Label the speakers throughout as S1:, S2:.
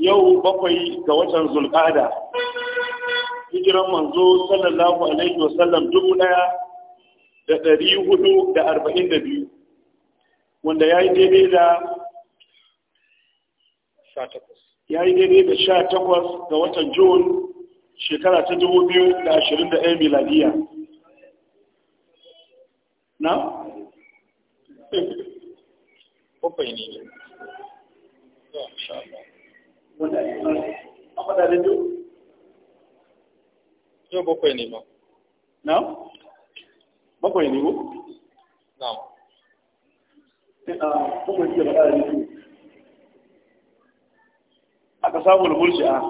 S1: yau bakwai ga watan zulƙada hijiran manzo sallallahu alaihi wasallam dubu ɗaya da ɗari hudu da arba'in da biyu wanda ya yi daidai da ya yi daidai da sha takwas ga watan jun shekara ta dubu biyu da ashirin da ɗaya miladiya na? kufai ne yau bakwai ne ba na? bakwai ne ba? na bakwai ne ba aka samu mulki a ah.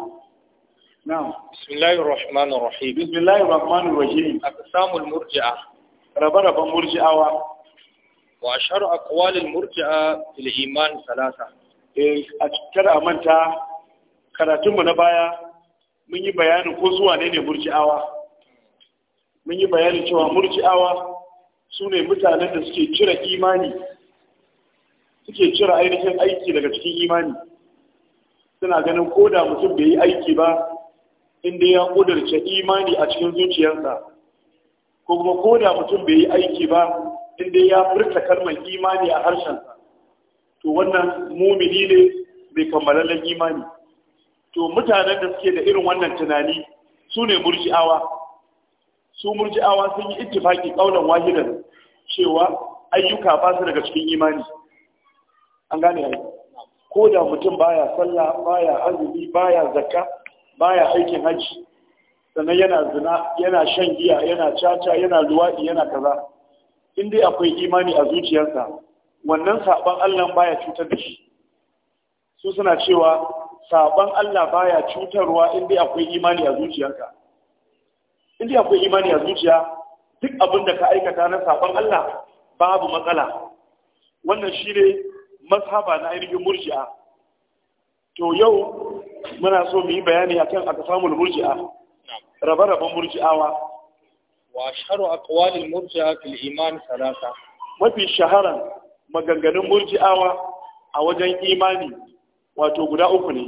S1: na bismillahir rahmanir rahim bismillahir rahmanir rahim aka samu murji'a ah. rabe-raben murji'awa ah, wa ashar aqwalil murji'a fil iman salasa eh a kada manta karatun mu na baya mun yi bayanin ko zuwa ne ne murji'awa mun yi bayanin cewa murji'awa su ne mutanen da suke cire imani suke cire ainihin aiki daga cikin imani suna ganin ko da mutum bai yi aiki ba inda ya ƙudurce imani a cikin zuciyarsa ko kuma ko da mutum bai yi aiki ba inda ya furta kalmar imani a harshensa to wannan mumini ne bai kammalallen imani to mutanen da suke da irin wannan tunani su ne murji'awa su murji'awa sun yi ittifaki kaulan wahidan cewa ayyuka ba su daga cikin imani an gane ai ko da mutum baya sallah baya azumi baya zakka baya aikin hajji, sannan yana zina yana shan giya yana caca yana luwaɗi yana kaza in dai akwai imani a zuciyarsa wannan saban Allah baya cutar da shi su suna cewa saban Allah baya cutarwa in dai akwai imani a zuciyarka in dai akwai imani a zuciya duk abin da ka aikata na saban Allah babu matsala wannan shine ne mazhaba na ainihin murji'a to yau muna so mu yi bayani akan aka samu murji'a rabe-raben murji'awa wa sharu aqwalil murji'a fil iman salasa mafi shaharan maganganun murji'awa a wajen imani wato guda uku ne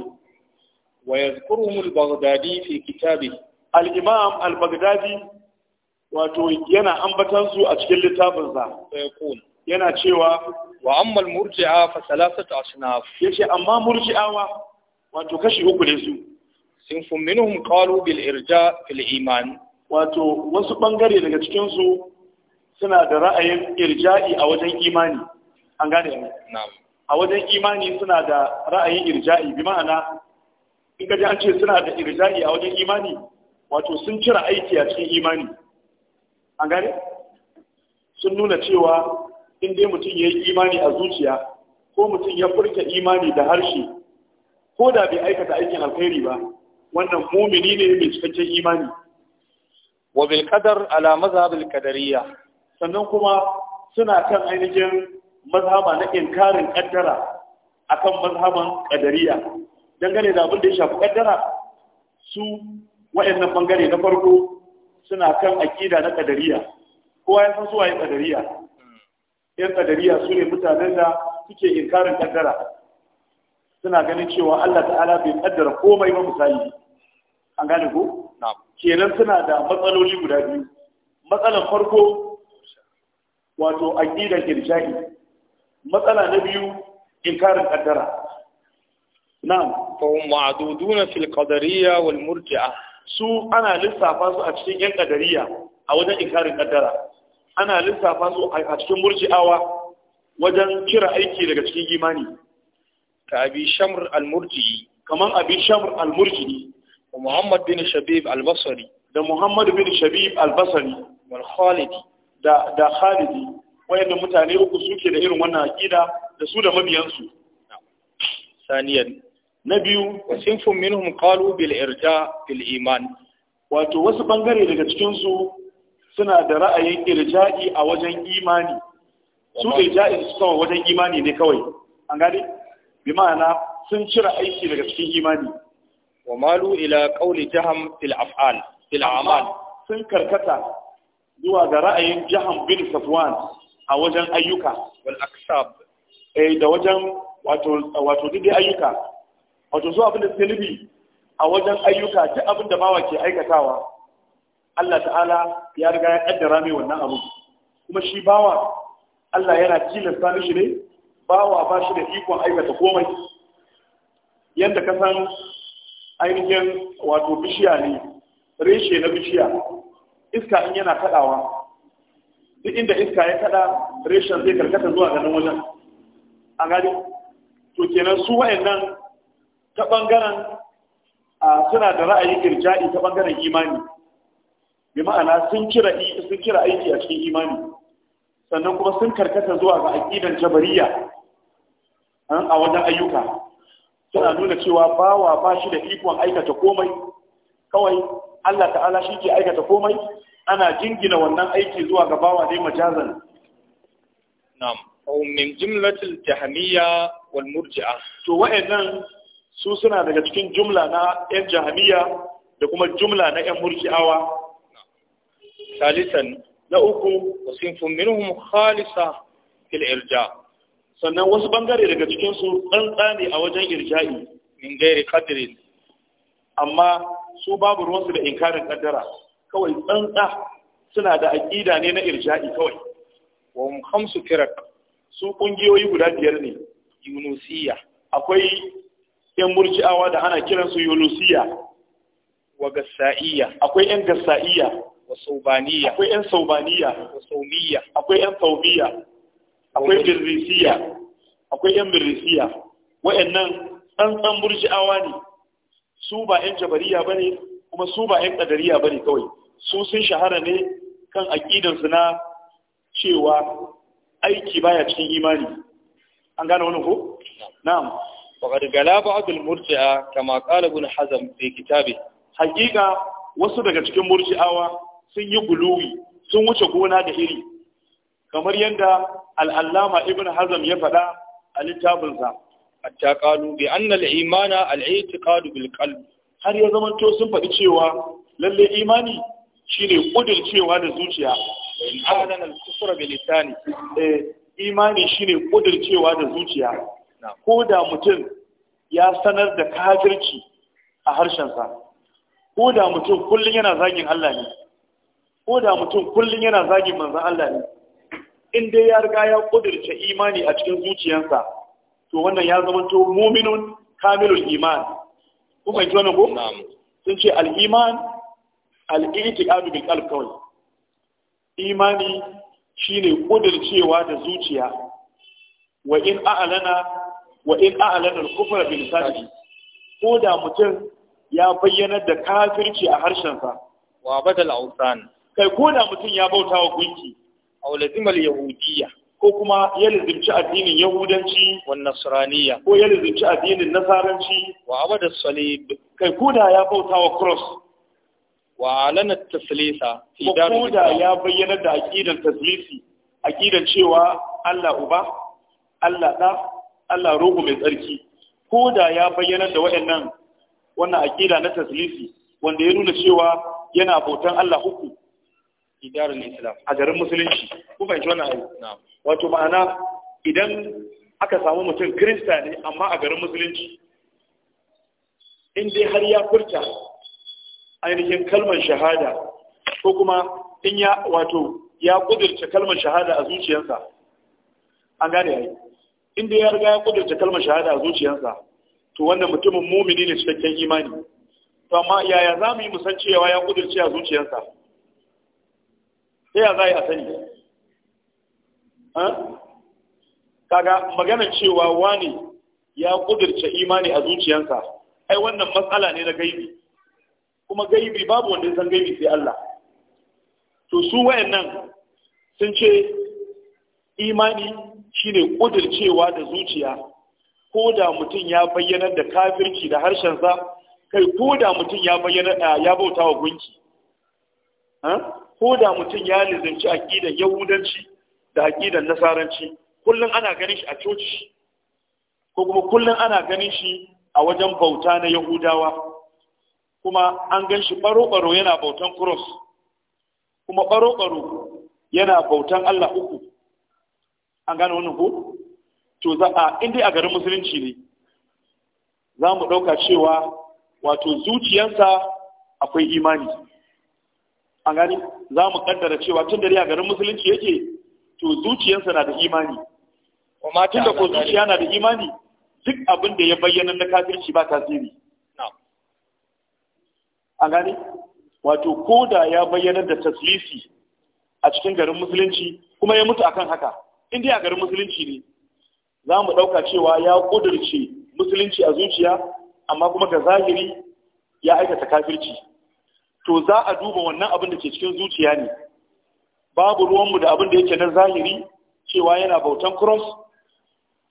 S1: wa yadhkuruhu al-baghdadi fi kitabi al-imam al-baghdadi wato yana ambatan su a cikin littafin sa yana cewa wa amma al-murji'a fa salasatu asnaf yace amma murji'awa wato kashi uku ne su sinfun minhum qalu bil irja fil iman wato wasu bangare daga cikinsu suna da ra'ayin irja'i a wajen imani an gane ne a wajen imani suna da ra'ayin irja'i bi ma'ana in ka ji an ce suna da irja'i a wajen imani wato sun cira aiki a cikin imani an gane sun nuna cewa in dai mutum ya yi imani a zuciya ko mutum ya furta imani da harshe ko da bai aikata aikin alkhairi ba wannan mumini ne mai cikakken imani wa bil qadar ala mazhab al sannan kuma suna kan ainihin mazhaba na inkarin kaddara akan mazhaban qadariyya dangane da abin da ya shafi kaddara su wayannan bangare na farko suna kan akida na qadariyya kowa ya san su waye qadariyya yan qadariyya su ne mutanen da suke inkarin kaddara suna ganin cewa Allah ta'ala bai kaddara komai ba misali an gane ko kenan suna da matsaloli guda biyu matsalan farko wato aqidar irja'i matsala na biyu inkarin kaddara na'am fa hum ma'duduna fil qadariyya wal murji'a su ana lissafa su a cikin yan qadariyya a wajen inkarin kaddara ana lissafa su a cikin murji'awa wajen kira aiki daga cikin imani ka abi shamr al-murji'i kaman abi shamr al-murji'i ومحمد بن شبيب البصري ده محمد بن شبيب البصري والخالدي ده ده خالدي وين متاني uku سوكي ده irin wannan aqida ده su da mabiyansu ثانيا na biyu منهم قالوا بالارجاء في الايمان واتو iman wato wasu bangare daga cikin su suna da ra'ayin irja'i a wajen imani su irja'i su kawai wajen imani ne kawai an gane bi ma'ana sun cire aiki daga cikin imani wa malu ila qawli jaham fil af'al fil a'mal sun karkata zuwa ga ra'ayin jaham bin safwan a wajen ayyuka wal aksab eh da wajen wato wato dide ayyuka wato zuwa abin da suke nufi a wajen ayyuka ta abin da bawa ke aikatawa Allah ta'ala ya riga ya kaddara mai wannan abu kuma shi bawa Allah yana tilasta mishi ne bawa ba shi da ikon aikata komai yadda ka san ainihin wato bishiya ne reshe na bishiya iska in yana kadawa duk inda iska ya kada reshen zai karkata zuwa ganin wajen a gari to kenan su wayannan ta bangaren suna da ra'ayi kirjai ta bangaren imani bi ma'ana sun kira sun kira aiki a cikin imani sannan kuma sun karkata zuwa ga aqidan jabariya a wajen ayyuka suna nuna cewa bawa ba shi da ikon aikata komai kawai Allah ta'ala shi ke aikata komai ana jingina wannan aiki zuwa ga bawa dai majazan na'am aw min jumlatil jahmiya wal murji'a to wa'annan su suna daga cikin jumla na yan jahmiya da kuma jumla na yan murji'awa salisan na uku wasinfun minhum khalisa fil irja' sannan wasu bangare daga cikinsu tsantsa ne a wajen irja'i min gairi qadrin amma su babu ruwansu da inkarin kaddara kawai tsantsa suna da aqida ne na irja'i kawai wa hum khamsu firaq su kungiyoyi guda biyar ne yunusiya akwai yan murji'awa da ana kiransu yunusiya wa gassa'iya akwai yan gassa'iyya wa saubaniya akwai yan saubaniya wa saumiya akwai yan saumiya akwai birrisiya akwai yan birrisiya wa'annan tsantsan burji'awa ne su ba yan jabariya ba ne kuma su ba yan kadariya ba ne kawai su sun shahara ne kan aƙidansu na cewa aiki baya cikin imani an gane wani ko na'am وقد galaba abin murji'a kama قال ابن حزم في كتابه wasu daga cikin murji'awa sun yi guluwi sun wuce gona da iri kamar yadda al'allama ibn hazam ya faɗa a littafinsa A qalu bi an na imana al-i'tiqadu bil har ya zama to sun faɗi cewa lalle imani shi shine cewa da zuciya ƙadan adan al-kufr da imani eh imani shine cewa da zuciya ko da mutum ya sanar da kafirci a harshensa ko da mutum kullum yana zagin Allah ne ko da mutum kullum yana zagin manzan Allah ne in dai ya riga ya kudirce imani a cikin zuciyarsa to wannan ya zama to mu'minun kamilul iman ku ji wannan ko sun ce al-iman al-i'tiqadu bil qalb kawai imani shine kudircewa da zuciya wa in a'lana wa in a'lana al kufr bil lisani ko da mutum ya bayyana da kafirci a harshensa wa badal awsan kai ko da mutum ya bautawa gunki aw Yahudiya. yahudiyya ko kuma ya lizimci addinin yahudanci wa nasraniya ko ya lizimci addinin nasaranci wa abada salib kai koda ya bauta wa cross wa alana taslisa fi koda ya bayyana da aqidar taslisi aqidar cewa Allah uba Allah da Allah ruhu mai tsarki koda ya bayyana da wayannan wannan aqida na taslisi wanda ya nuna cewa yana bautan Allah uku a garin musulunci ku fahimci wannan ayi wato ma'ana idan aka samu mutum kirista ne amma a garin musulunci in dai har ya furta ainihin kalmar shahada ko kuma in ya wato ya kudurce kalmar shahada a zuciyarsa an gane yayi in dai ya riga ya kudurce kalmar shahada a zuciyarsa to wannan mutumin mumini ne cikakken imani to amma yaya za mu yi musan cewa ya kudurce a zuciyarsa ta ya za a sani kaga maganar cewa wani ya kudurce imani a zuciyansa ai wannan matsala ne na gaibi kuma gaibi babu wanda san gaibi sai Allah to su wayannan sun ce imani shine kudurcewa da zuciya ko da mutum ya bayyana da kafirci da harshen sa, kai ko da mutum ya bayyana ya bauta wa gunki ko da mutum ya lizimci aƙidan yahudanci da aƙidan nasaranci kullum ana ganin shi a coci ko kuma kullum ana ganin shi a wajen bauta na yahudawa kuma an gan shi baro-baro yana bautan kuros kuma baro-baro yana bautan Allah uku an gane wani ko to za a inda a garin musulunci ne za mu ɗauka cewa wato zuciyarsa akwai imani an gani za mu kaddara cewa tun da a garin musulunci yake to zuciyarsa na da imani amma tun da ko zuciya na da imani duk abin da ya bayyana na kafirci ba tasiri an gani wato ko da ya bayyana da taslisi a cikin garin musulunci kuma ya mutu akan haka in dai a garin musulunci ne za mu ɗauka cewa ya ƙudurce musulunci a zuciya amma kuma ga zahiri ya aikata kafirci to za a duba wannan abin da ke cikin zuciya ne babu ruwanmu da abin da yake na zahiri cewa yana bautan cross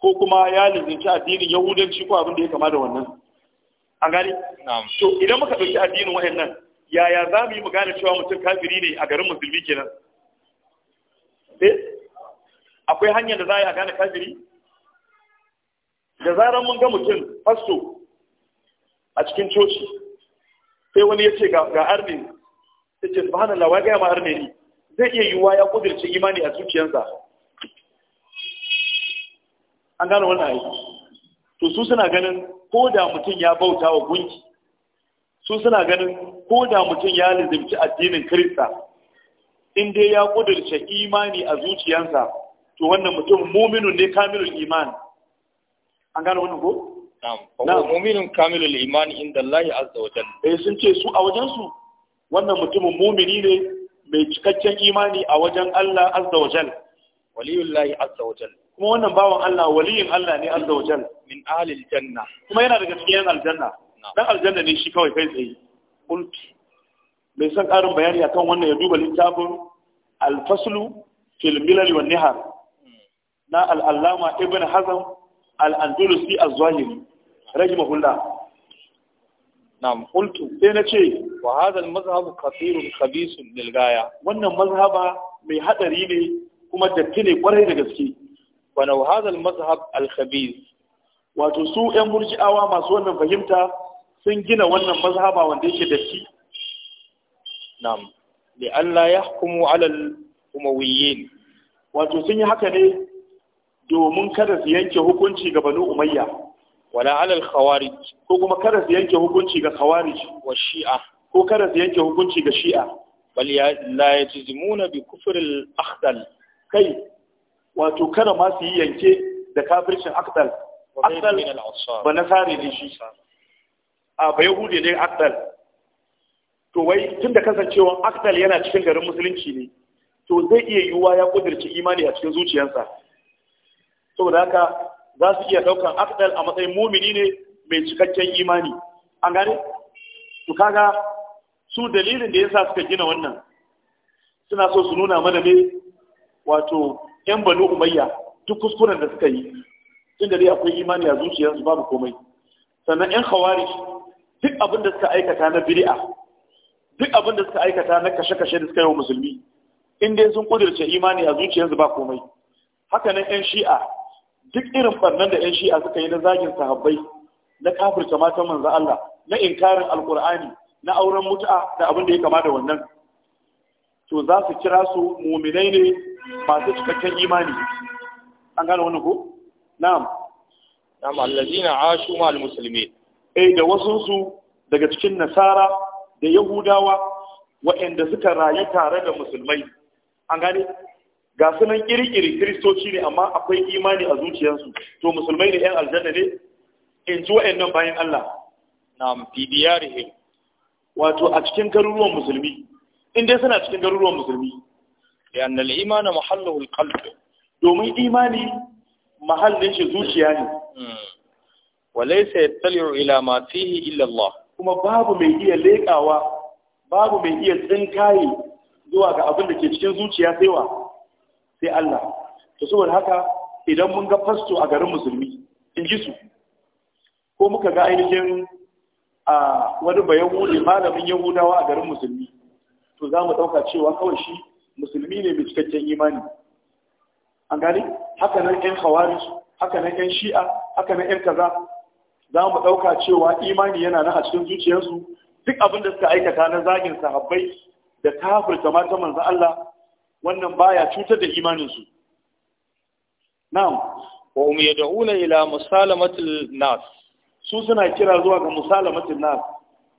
S1: ko kuma ya lizinci addinin yahudanci ko abin da ya kama da wannan an gani? to idan muka ɗauki addinin wayannan yaya za mu yi mu gane cewa mutum kafiri ne a garin musulmi kenan eh? akwai hanyar da za a gane kafiri da zarar mun ga mutum fasto a cikin coci sai wani ya ce ga arne ya ce subhanallah lawa gaya ma arne ne zai iya yiwuwa ya kudirce imani a zuciyarsa an gano wannan aiki to su suna ganin ko da mutum ya bauta wa gunki su suna ganin ko da mutum ya lizimci addinin kirista in dai ya kudirce imani a zuciyarsa to wannan mutum muminu ne kamilul imani an gano wannan ko Na'am, mu'minun kamilul Imani inda Allah azza wa jalla. Eh sun ce su a wajen su wannan mutumin mumini ne mai cikakken imani a wajen Allah azza wa jalla. Waliyullahi azza wa jalla. Kuma wannan bawan Allah waliyin Allah ne azza wa jalla min ahlil janna. Kuma yana daga cikin yan aljanna. Dan aljanna ne shi kawai kai tsaye. Qultu mai son ƙarin bayani akan wannan ya duba littafin al-faslu fil milal wan nihar hmm. na al-allama ibn hazm al-andalusi az-zahiri rahimahullah na'am qultu sai na ce wa hadha al-mazhab kathirun khabisun lil gaya wannan mazhaba mai hadari ne kuma datti ne kwarai da gaske wa na hadha al-mazhab al-khabis wato su ƴan murji'awa masu wannan fahimta sun gina wannan mazhaba wanda yake datti na'am li alla yahkumu ala al-umawiyyin wato sun yi haka ne domin kada su yanke hukunci ga banu umayya wala alal khawarij ko kuma kada su yanke hukunci ga khawarij wa shi'a ko kada su yanke hukunci ga shi'a bal la yajzimuna bi kufr al akhdal kai wato kada ma su yi yanke da kafircin akhdal akhdal ba nasari ne shi a ba yahudi ne akhdal to wai tunda kasancewa akhdal yana cikin garin musulunci ne to zai iya yiwuwa ya kudirce imani a cikin zuciyarsa saboda haka za su iya ɗaukan afdal a matsayin mumini ne mai cikakken imani an gane to kaga su dalilin da yasa suka gina wannan suna so su nuna mana ne wato yan banu umayya duk kuskuren da suka yi tunda dai akwai imani a zuciyarsu babu komai sannan yan khawari duk abin da suka aikata na bid'a duk abin da suka aikata na kashe-kashe da suka yi wa musulmi in sun kudirce imani a zuciyarsu ba komai haka nan yan shi'a duk irin barnan da yan shi'a suka yi na zagin sahabbai na kafirta matan manzo Allah na inkarin alqur'ani na auren mutu'a da abin da ya kama da wannan to za su kira su muminai ne masu cikakken imani an gane wannan ko na'am na'am allazina ashu ma'al muslimin eh da wasu su daga cikin nasara da yahudawa wa'anda suka rayu tare da musulmai an gane ga sunan kirkiri kristoci ne amma akwai imani a zuciyarsu to musulmai ne yan aljanna ne in ji wa'annan bayan Allah na fi diyarihim wato a cikin garuruwan musulmi in dai suna cikin garuruwan musulmi لأن الإيمان محله القلب دومي إيماني محل ليش زوجياني وليس يتلع إلى ما فيه إلا الله illallah. Kuma babu mai iya leƙawa, babu mai iya tsinkaye zuwa ga abin da ke cikin zuciya sai wa. sai Allah to saboda haka idan mun ga fasto a garin musulmi in ji su ko muka ga ainihin a wani bayan bayahudi malamin yahudawa a garin musulmi to za mu ɗauka cewa kawai shi musulmi ne mai cikakken imani an gani haka nan yan hawari haka nan yan shi'a haka nan yan kaza za mu ɗauka cewa imani yana nan a cikin zuciyarsu duk abin da suka aikata na zagin sahabbai da kafirta mata manzo Allah wannan baya cutar da imaninsu na'am wa hum yad'una ila musalamatil nas su suna kira zuwa ga musalamatil nas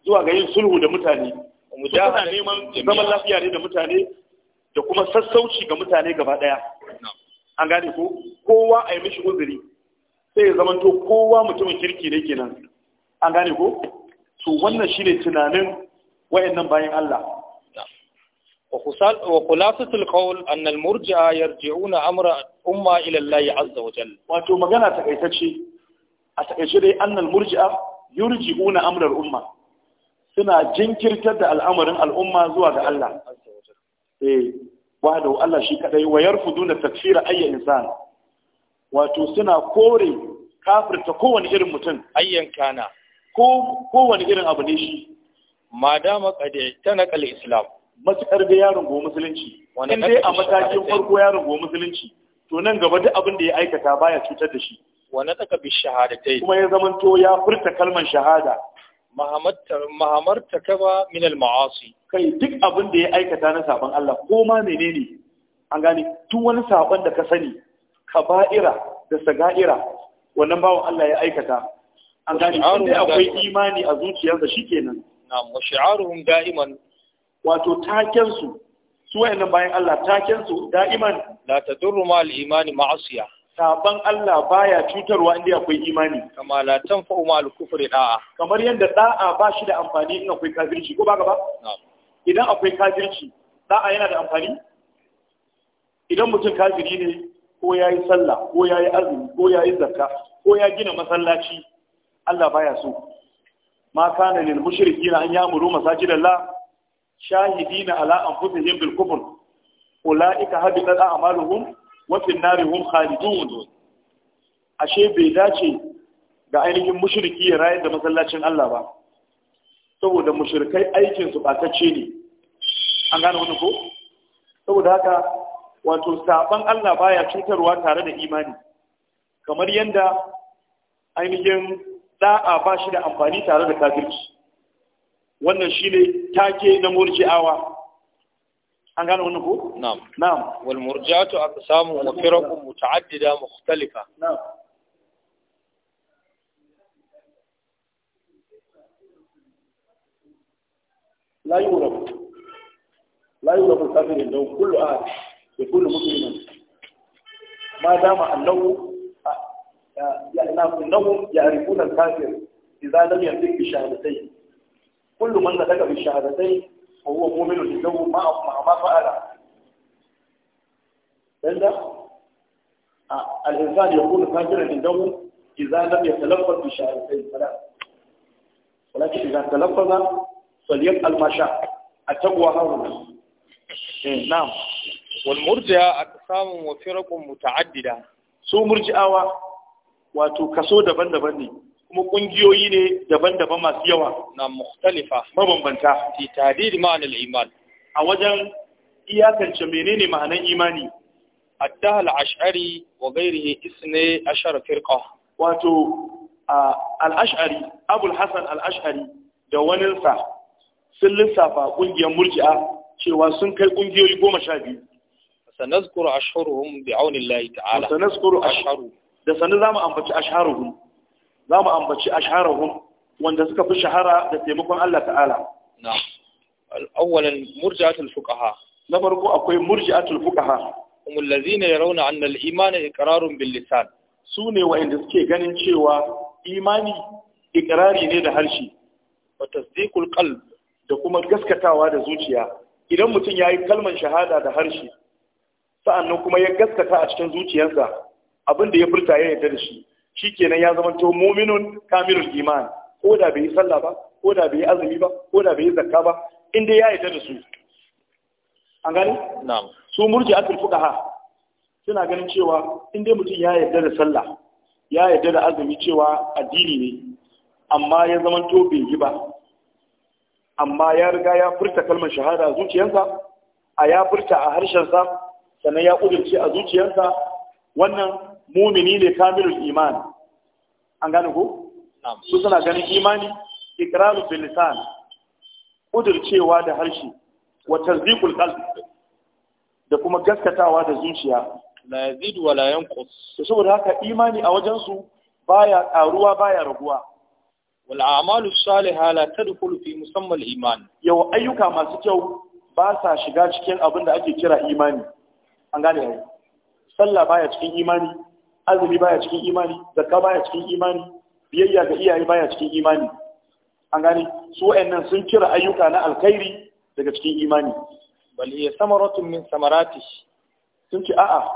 S1: zuwa ga yin sulhu da mutane mujahada neman zaman lafiya ne da mutane da kuma sassauci ga mutane gaba daya an gane ko kowa a yi mishi uzuri sai ya zamanto kowa mutumin kirki ne kenan an gane ko to wannan shine tunanin wayannan bayan Allah وخلاصة القول أن المرجع يرجعون أمر أمة إلى الله عز وجل واتو مغانا تكيتشي أتكيتشي أن المرجع يرجعون أمر الأمة سنا جنكر تد الأمر الأمة زواد الله إيه وهذا الله شيء كذا ويرفضون تكفير أي إنسان واتو سنا كوري كافر تكون إرم متن أيا كان كون كون إرم أبنيشي ما دام قد اعتنق الإسلام matuƙar da ya rungo musulunci in dai a matakin farko ya rungo musulunci to nan gaba duk abin da ya aikata baya cutar da shi wa nataka bi shahadatai kuma ya to ya furta kalmar shahada mahamar takaba min al-ma'asi kai duk abin da ya aikata na saban Allah ko ma menene an gane tun wani saban da ka sani kaba'ira da saga'ira wannan bawan Allah ya aikata an gane inda akwai imani a zuciyarsa shikenan Na wa shi'aruhum da'iman wato takensu su su bayan Allah taken su da'iman la tadurru ma al-iman ma'asiya saban Allah baya cutarwa inda akwai imani kama la tanfa'u ma al-kufri da'a kamar yanda da'a ba shi da amfani in akwai kafirci ko ba gaba idan akwai kafirci da'a yana da amfani idan mutum kafiri ne ko ya sallah ko ya azumi ko ya zakka ko ya gina masallaci Allah baya so ma kana lil mushrikina an ya'muru masajidallah shahidina ala anfusihim bil kufr ulaika habitat a'maluhum wa fi an-nari hum khalidun ashe bai dace ga ainihin mushriki ya rayar da masallacin Allah ba saboda mushrikai aikin su ce ne an gane wannan ko saboda haka wato saban Allah baya cutarwa tare da imani kamar yanda ainihin da'a ba shi da amfani tare da kafirci wannan shine take na murji'awa an gano wannan ko na'am na'am wal murji'atu aqsamu wa firaqun muta'addida mukhtalifa na'am la la لا يورب لا يورب الكافر لو كل أحد annahu ya ما دام ya أنهم kafir idan إذا لم يملك بشهادتين kullu man da daga bishahadatai wa huwa mu'minun lahu ma ma fa'ala yanda al-insan yakunu fajiran indahu idza lam ولكن إذا تلفظ فليفعل ما شاء التقوى نعم والمرجئة أقسام وفرق متعددة su murji'awa wato kaso daban-daban ne kuma kungiyoyi ne daban-daban masu yawa na mukhtalifa mabambanta fi tadid ma'anil iman a wajen iyakance menene ma'anan imani adda al-ash'ari wa ghayrihi isne ashar firqa wato al-ash'ari abul hasan al-ash'ari da waninsa sun lissafa kungiyar murji'a cewa sun kai kungiyoyi goma sha biyu sanazkuru ashharuhum bi'aunillahi ta'ala sanazkuru ashharu da sanin zamu ambaci ashharuhum za mu ambaci asharahum wanda suka fi shahara da taimakon Allah ta'ala na'am awwalan murji'atul fuqaha na farko akwai murji'atul fuqaha hum allazina yarawna anna al-iman iqrarun bil lisan sune wa'inda suke ganin cewa imani ikirari ne da harshe wa tasdiqul da kuma gaskatawa da zuciya idan mutum yayi kalmar shahada da harshe sa'annan kuma ya gaskata a cikin zuciyarsa abin da ya furta ya yarda da shi shikenan ya zama to mu'minun kamilul iman ko da bai yi sallah ba ko da bai yi azumi ba ko da bai yi zakka ba in dai ya yarda da su an gani na'am su murji atul fuqaha suna ganin cewa in dai mutum ya yarda da sallah ya yarda da azumi cewa addini ne amma ya zama to bai yi ba amma ya riga ya furta kalmar shahada a zuciyarsa a ya furta a harshensa sannan ya kudurce a zuciyarsa wannan mumini ne kamilul iman an gane ko su suna ganin imani iqraru bil lisan kudircewa da harshe wa tasdiqul qalb da kuma gaskatawa da zuciya la yazidu wa la yanqus saboda haka imani a wajen su baya karuwa baya raguwa wal a'malu salihah la tadkhulu fi musamma al iman yau ayyuka masu kyau ba sa shiga cikin abin da ake kira imani an gane ai sallah baya cikin imani azumi baya cikin imani zakka baya cikin imani biyayya ga iyaye baya cikin imani an gane su wayannan sun kira ayyuka na alkhairi daga cikin imani bal hiya samaratun min samarati sun ce a'a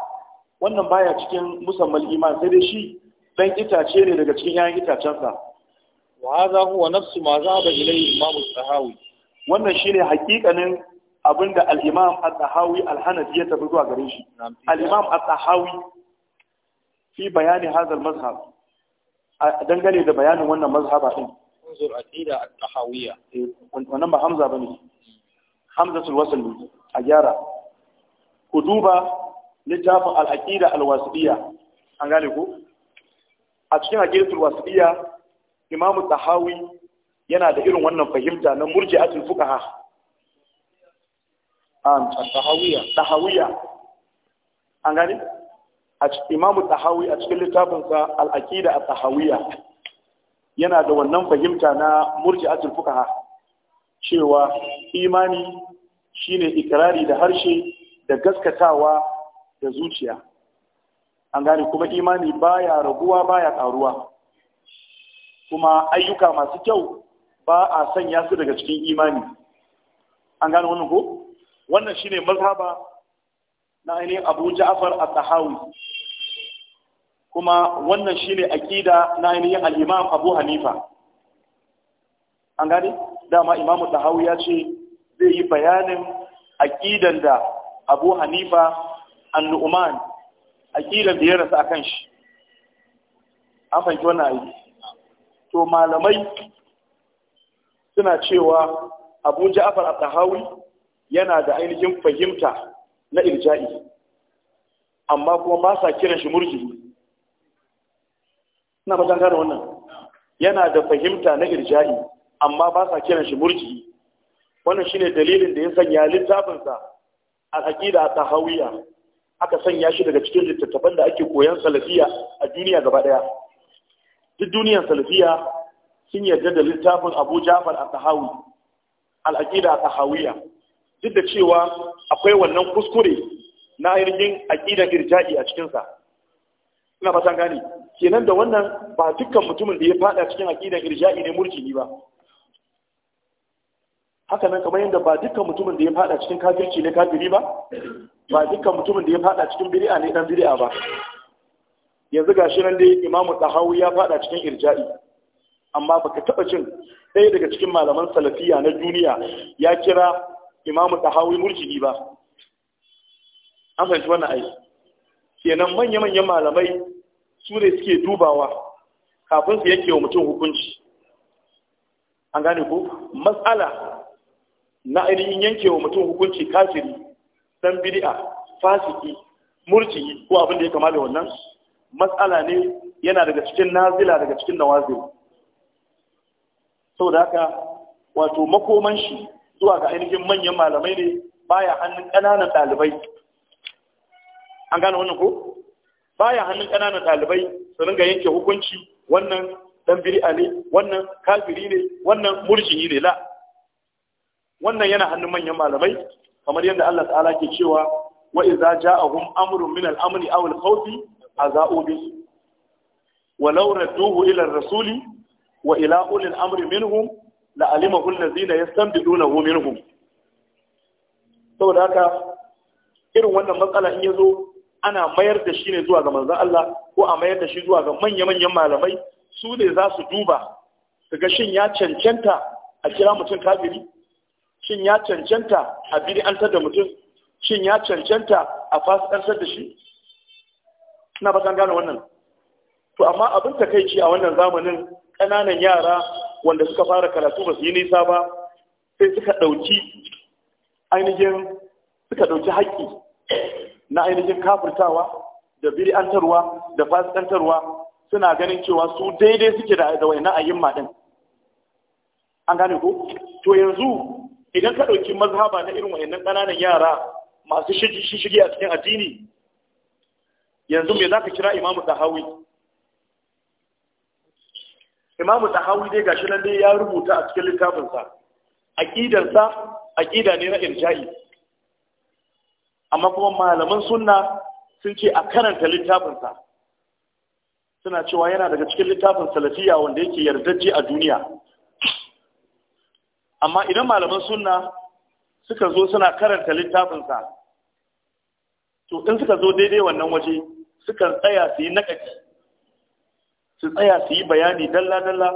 S1: wannan baya cikin musammal iman sai dai shi dan itace ne daga cikin yayin itacensa wa hadha huwa nafsu ma zaba ilayhi imam al sahawi wannan shine hakikanin abinda al-imam al sahawi al-hanafi ya tafi zuwa gare shi al-imam al sahawi fi bayani hazal mazhab a dangane da bayanin wannan mazhaba din unzur aqida at-tahawiyya eh, nan ba hamza bane hamzatul wasl a gyara ku duba littafin al-aqida al-wasiliya an gane ko a cikin aqidatul wasiliya imamu tahawi yana da irin wannan fahimta na murji'atul fuqaha an tahawiyya tahawiyya an gane imamu tahawi a cikin littafinsa al'aqida a tahawiya yana da wannan fahimta na murji'atul fuqaha cewa imani shine ikirari da harshe da gaskatawa da zuciya an gane kuma imani baya raguwa baya karuwa kuma ayyuka masu kyau ba a sanya su daga cikin imani an gane wannan ko wannan shine mazhaba na ainihin abu ja'far at-tahawi kuma wannan shi shine aƙida na ainihin al’imam Abu Hanifa an gani dama Imam Tahawi ya ce zai yi bayanin aƙidan da Abu Hanifa an a aqidan da ya rasu kan shi an fanki wannan aiki to malamai suna cewa Abu a al yana da ainihin fahimta na irja'i amma kuma ba sa kiran shi murki. ina fatan gane wannan yana da fahimta na irjahi amma ba sa kiran shi murji wannan shine dalilin da ya sanya littafinsa al-aqida tahawiyya aka sanya shi daga cikin littattafan da ake koyan salafiya a duniya gaba daya duk duniyar salafiya sun yarda da littafin Abu Ja'far al-Tahawi al-aqida al duk da cewa akwai wannan kuskure na ainihin aqidan irjahi a cikin sa ina fatan gani kenan da wannan ba dukkan mutumin da ya fada cikin aqidar irja'i ne murji'i ba haka nan kamar yadda ba dukkan mutumin da ya fada cikin kafirci ne kafiri ba ba dukkan mutumin da ya fada cikin bid'a ne dan bid'a ba yanzu gashi nan dai imamu tahawi ya fada cikin irja'i amma baka taba cin ɗaya daga cikin malaman salafiya na duniya ya kira imamu tahawi murji'i ba an fahimci wannan ai kenan manya-manyan malamai su ne suke dubawa kafin su yake wa mutum hukunci an gane ko matsala na ainihin yanke wa mutum hukunci kafiri dan bid'a fasiki murci ko abin da ya kama da wannan matsala ne yana daga cikin nazila daga cikin nawazil saboda haka wato makoman shi zuwa ga ainihin manyan malamai ne baya hannun ƙananan ɗalibai an gane wannan ko baya hannun ƙananan ɗalibai su ringa yanke hukunci wannan dan bid'a ne wannan kafiri ne wannan murji ne la wannan yana hannun manyan malamai kamar yadda Allah ta'ala ke cewa wa idza ja'ahum amrun min al-amri aw al khawf aza'u radduhu ila ar-rasuli wa ila ulil amri minhum la'alimahu alladhina yastanbidunahu minhum saboda haka irin wannan matsala in yazo ana mayar da shi ne zuwa ga manzan Allah ko a mayar da shi zuwa ga manya-manyan malamai su ne za su duba su ga shin ya cancanta a kira mutum kafiri shin ya cancanta a bid'antar da mutum shin ya cancanta a fasikantar da shi ina ba gane wannan to amma abin takaici a wannan zamanin ƙananan yara wanda suka fara karatu ba su yi nisa ba sai suka ɗauki ainihin suka ɗauki haƙƙi na ainihin kafirtawa da bir'antarwa da fasikantarwa suna ganin cewa su daidai suke da wayannan ayyuma din an gane ko to yanzu idan ka ɗauki mazhaba na irin wayannan ƙananan yara masu shishige a cikin addini yanzu me za ka kira imamu tahawi imamu tahawi dai gashi nan dai ya rubuta a cikin littafinsa a aƙida ne na irja'i amma kuma malaman sunna sun ce a karanta littafinsa suna cewa yana daga cikin littafin salafiya wanda yake ce a duniya amma idan malaman sunna suka zo suna karanta littafinsa to in suka zo daidai wannan waje sukan tsaya su yi naƙaƙi su tsaya su yi bayani dalla-dalla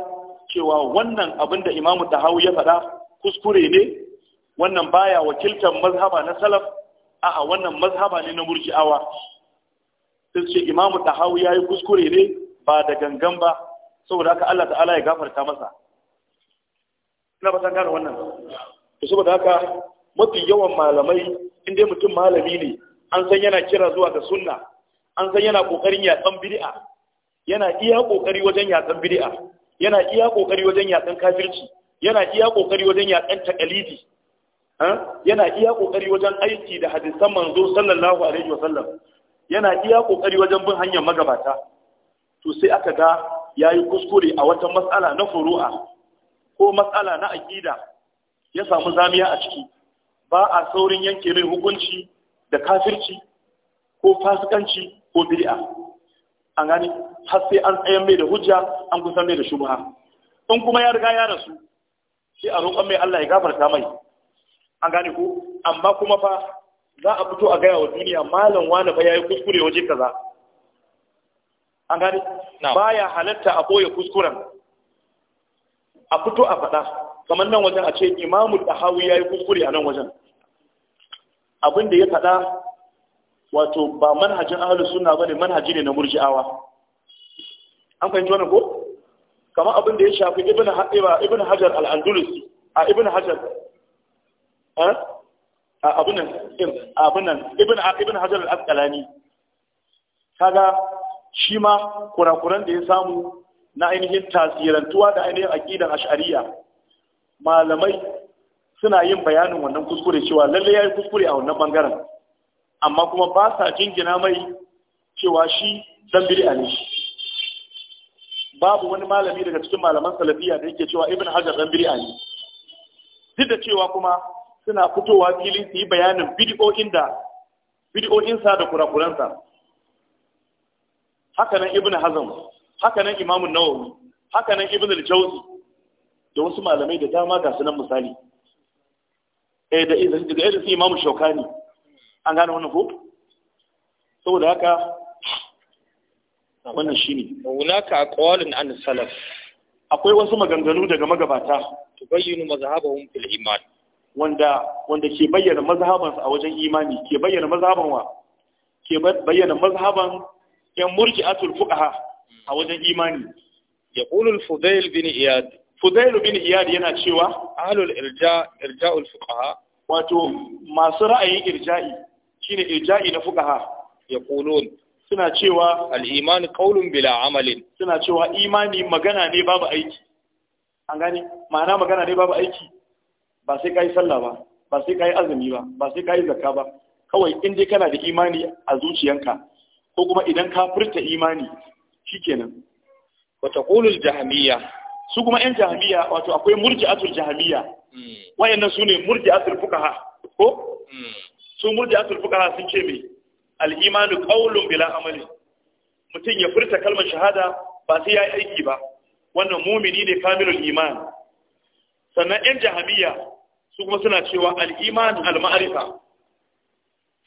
S1: cewa wannan abin da imamu ta hau ya faɗa kuskure ne wannan baya wakiltar mazhaba na salaf a'a wannan mazhaba ne na murji'awa sai ce imamu ya yi kuskure ne ba da gangan ba saboda haka Allah ta'ala ya gafarta masa ina ba san gane wannan to saboda haka mafi yawan malamai in dai mutum malami ne an san yana kira zuwa ga sunna an san yana kokarin yatsan bid'a yana iya kokari wajen yatsan bid'a yana iya kokari wajen yatsan kafirci yana iya kokari wajen yatsan takalidi yana iya kokari wajen aiki da hadisan manzo sallallahu alaihi wasallam yana iya kokari wajen bin hanyar magabata to sai aka ga yayi kuskure a wata matsala na furu'a ko matsala na aqida ya samu zamiya a ciki ba a saurin yanke mai hukunci da kafirci ko fasikanci ko bid'a an gani har sai an tsaya mai da hujja an kusan mai da shubha in kuma ya riga ya rasu sai a roƙon mai Allah ya gafarta mai an gane ko amma kuma fa za a fito a gaya wa duniya malam wani fa yi kuskure waje kaza an gane ya halatta a boye kuskuren a fito a faɗa kamar nan wajen a ce imamu ya yi kuskure a nan wajen abin da ya faɗa wato ba manhajin suna sunna ne, manhaji ne na murji'awa an fahimci wannan ko kamar abin da ya shafi ibn hajar al andalus a ibn hajar abin nan ibn hajar al kaga shi ma kurakuran da ya samu na ainihin tasirantuwa da ainihin aƙidan ash'ariya malamai suna yin bayanin wannan kuskure cewa lalle yi kuskure a wannan ɓangaren. amma kuma ba sa jingina mai cewa shi biri a ne babu wani malami daga cikin malaman salafiya da yake cewa ibn zan biri a ne duk da cewa kuma suna fitowa fili su yi bayanin bidiyoyin da bidiyoyinsa da kurakuransa hakanan ibn hazm hakanan imamu nawawi hakanan ibn al-jawzi da wasu malamai da dama ga sunan misali eh da idan da irin imamu shaukani an gane wannan ko saboda haka wannan shine hunaka aqwalun an salaf akwai wasu maganganu daga magabata tubayyinu mazhabahum fil iman wanda wanda ke bayyana mazhaban a wajen imani ke bayyana mazhaban wa ke bayyana mazhaban yan murji'atul fuqaha a wajen imani ya qulul fudail bin iyad fudail bin iyad yana cewa ahlul irja irja'ul fuqaha wato masu ra'ayin irja'i shine irja'i na fuqaha ya qulun suna cewa al-iman qawlun bila amalin suna cewa imani magana ne babu aiki an gane ma'ana magana ne babu aiki ba sai ka yi sallah ba ba sai ka yi azumi ba ba sai ka yi zakka ba kawai in dai kana da imani a zuciyanka ko kuma idan ka furta imani shikenan wa taqulul jahmiya su kuma yan jahmiya wato akwai murji'atul jahmiya hmm. wayannan sune murji'atul fuqaha ko hmm. su murji'atul fuqaha sun ce me al-imanu qawlun bila amali mutum ya furta kalmar shahada ba sai ya yi aiki ba wannan mumini ne kamilul iman sannan yan jahamiya su kuma suna cewa al’iman iman al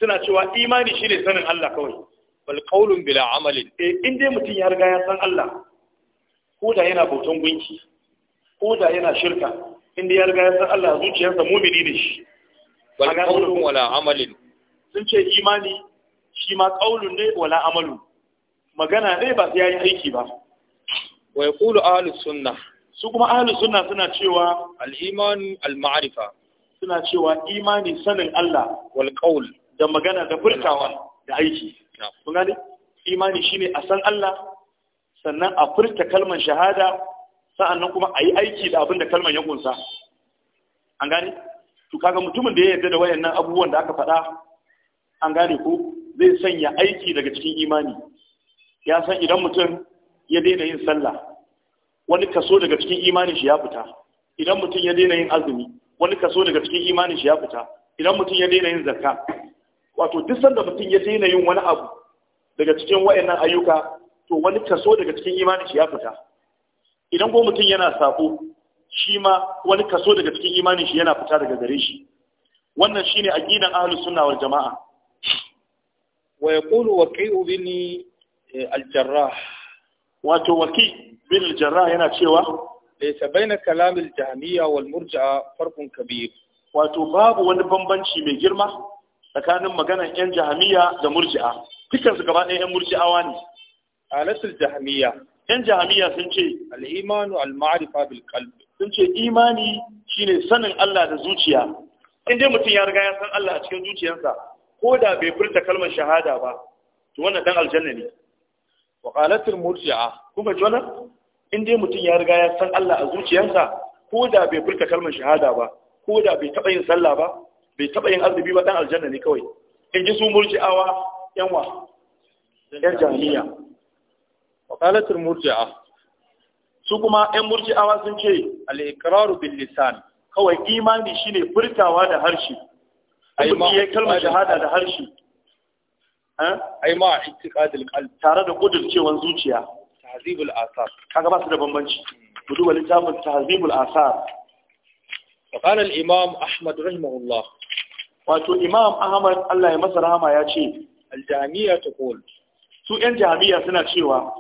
S1: suna cewa imani shi ne sanin Allah kawai bal bila amalin E, in dai mutum ya riga ya san Allah ko da yana bautan gunki ko da yana shirka in dai ya riga ya san Allah zuciyarsa mu'mini ne shi bal wala amalin sun ce imani shi ma qawlun ne wala amalu magana ne ba sai yi aiki ba Wai Kulu ahlus sunnah su kuma ahli sunna suna cewa al-iman al-ma'rifa suna cewa imani sanin Allah wal qaul da magana da furtawa da aiki kun gane imani shine a san Allah sannan a furta kalmar shahada sa'annan kuma a yi aiki da abin da kalmar ya kunsa an gane to kaga mutumin da ya yarda da wayannan abubuwan da aka faɗa an gane ko zai sanya aiki daga cikin imani ya san idan mutum ya daina yin sallah wani kaso daga cikin imanin shi ya fita idan mutum ya daina yin azumi wani kaso daga cikin imanin shi ya fita idan mutum ya daina yin zakka wato duk sanda mutum ya daina yin wani abu daga cikin wayannan ayyuka to wani kaso daga cikin imanin shi ya fita idan ko mutum yana sako shi ma wani kaso daga cikin imanin shi yana fita daga gare shi wannan shine aqidan ahlus sunna wal jamaa wa yaqulu waqi'u bini eh, al-jarrah wato waki bin jarra yana cewa laysa baina kalam al-jahmiyya wal murji'a farqun kabir wato babu wani bambanci mai girma tsakanin maganan yan jahmiya da murji'a dukkan su gaba ɗaya yan murji'awa ne alatul jahmiya yan jahmiya sun ce al-imanu al-ma'rifa bil qalb sun ce imani shine sanin Allah da zuciya in dai mutum ya riga ya san Allah a cikin zuciyarsa ko da bai furta kalmar shahada ba to wannan dan aljanna ne wa qalatul murji'a kuma jona in dai mutum ya riga ya san Allah a zuciyarsa ko da bai furta kalmar shahada ba ko da bai taɓa yin sallah ba bai taɓa yin azumi ba dan aljanna ne kawai in ji su murji'awa yan wa yan jahiliya wa qalatul murji'a su kuma yan murji'awa sun ce al-iqraru bil lisan kawai imani shine furtawa da harshe
S2: ai ma kalmar shahada da
S1: harshe ai ma itiqadil qalb tare da kudurcewan zuciya tahzibul asar kaga ba su da bambanci ku duba littafin tahzibul asar وقال الإمام أحمد رحمه الله wato imam ahmad allah ya masa rahama ya ce aljamiya ta kol su yan jami'a suna cewa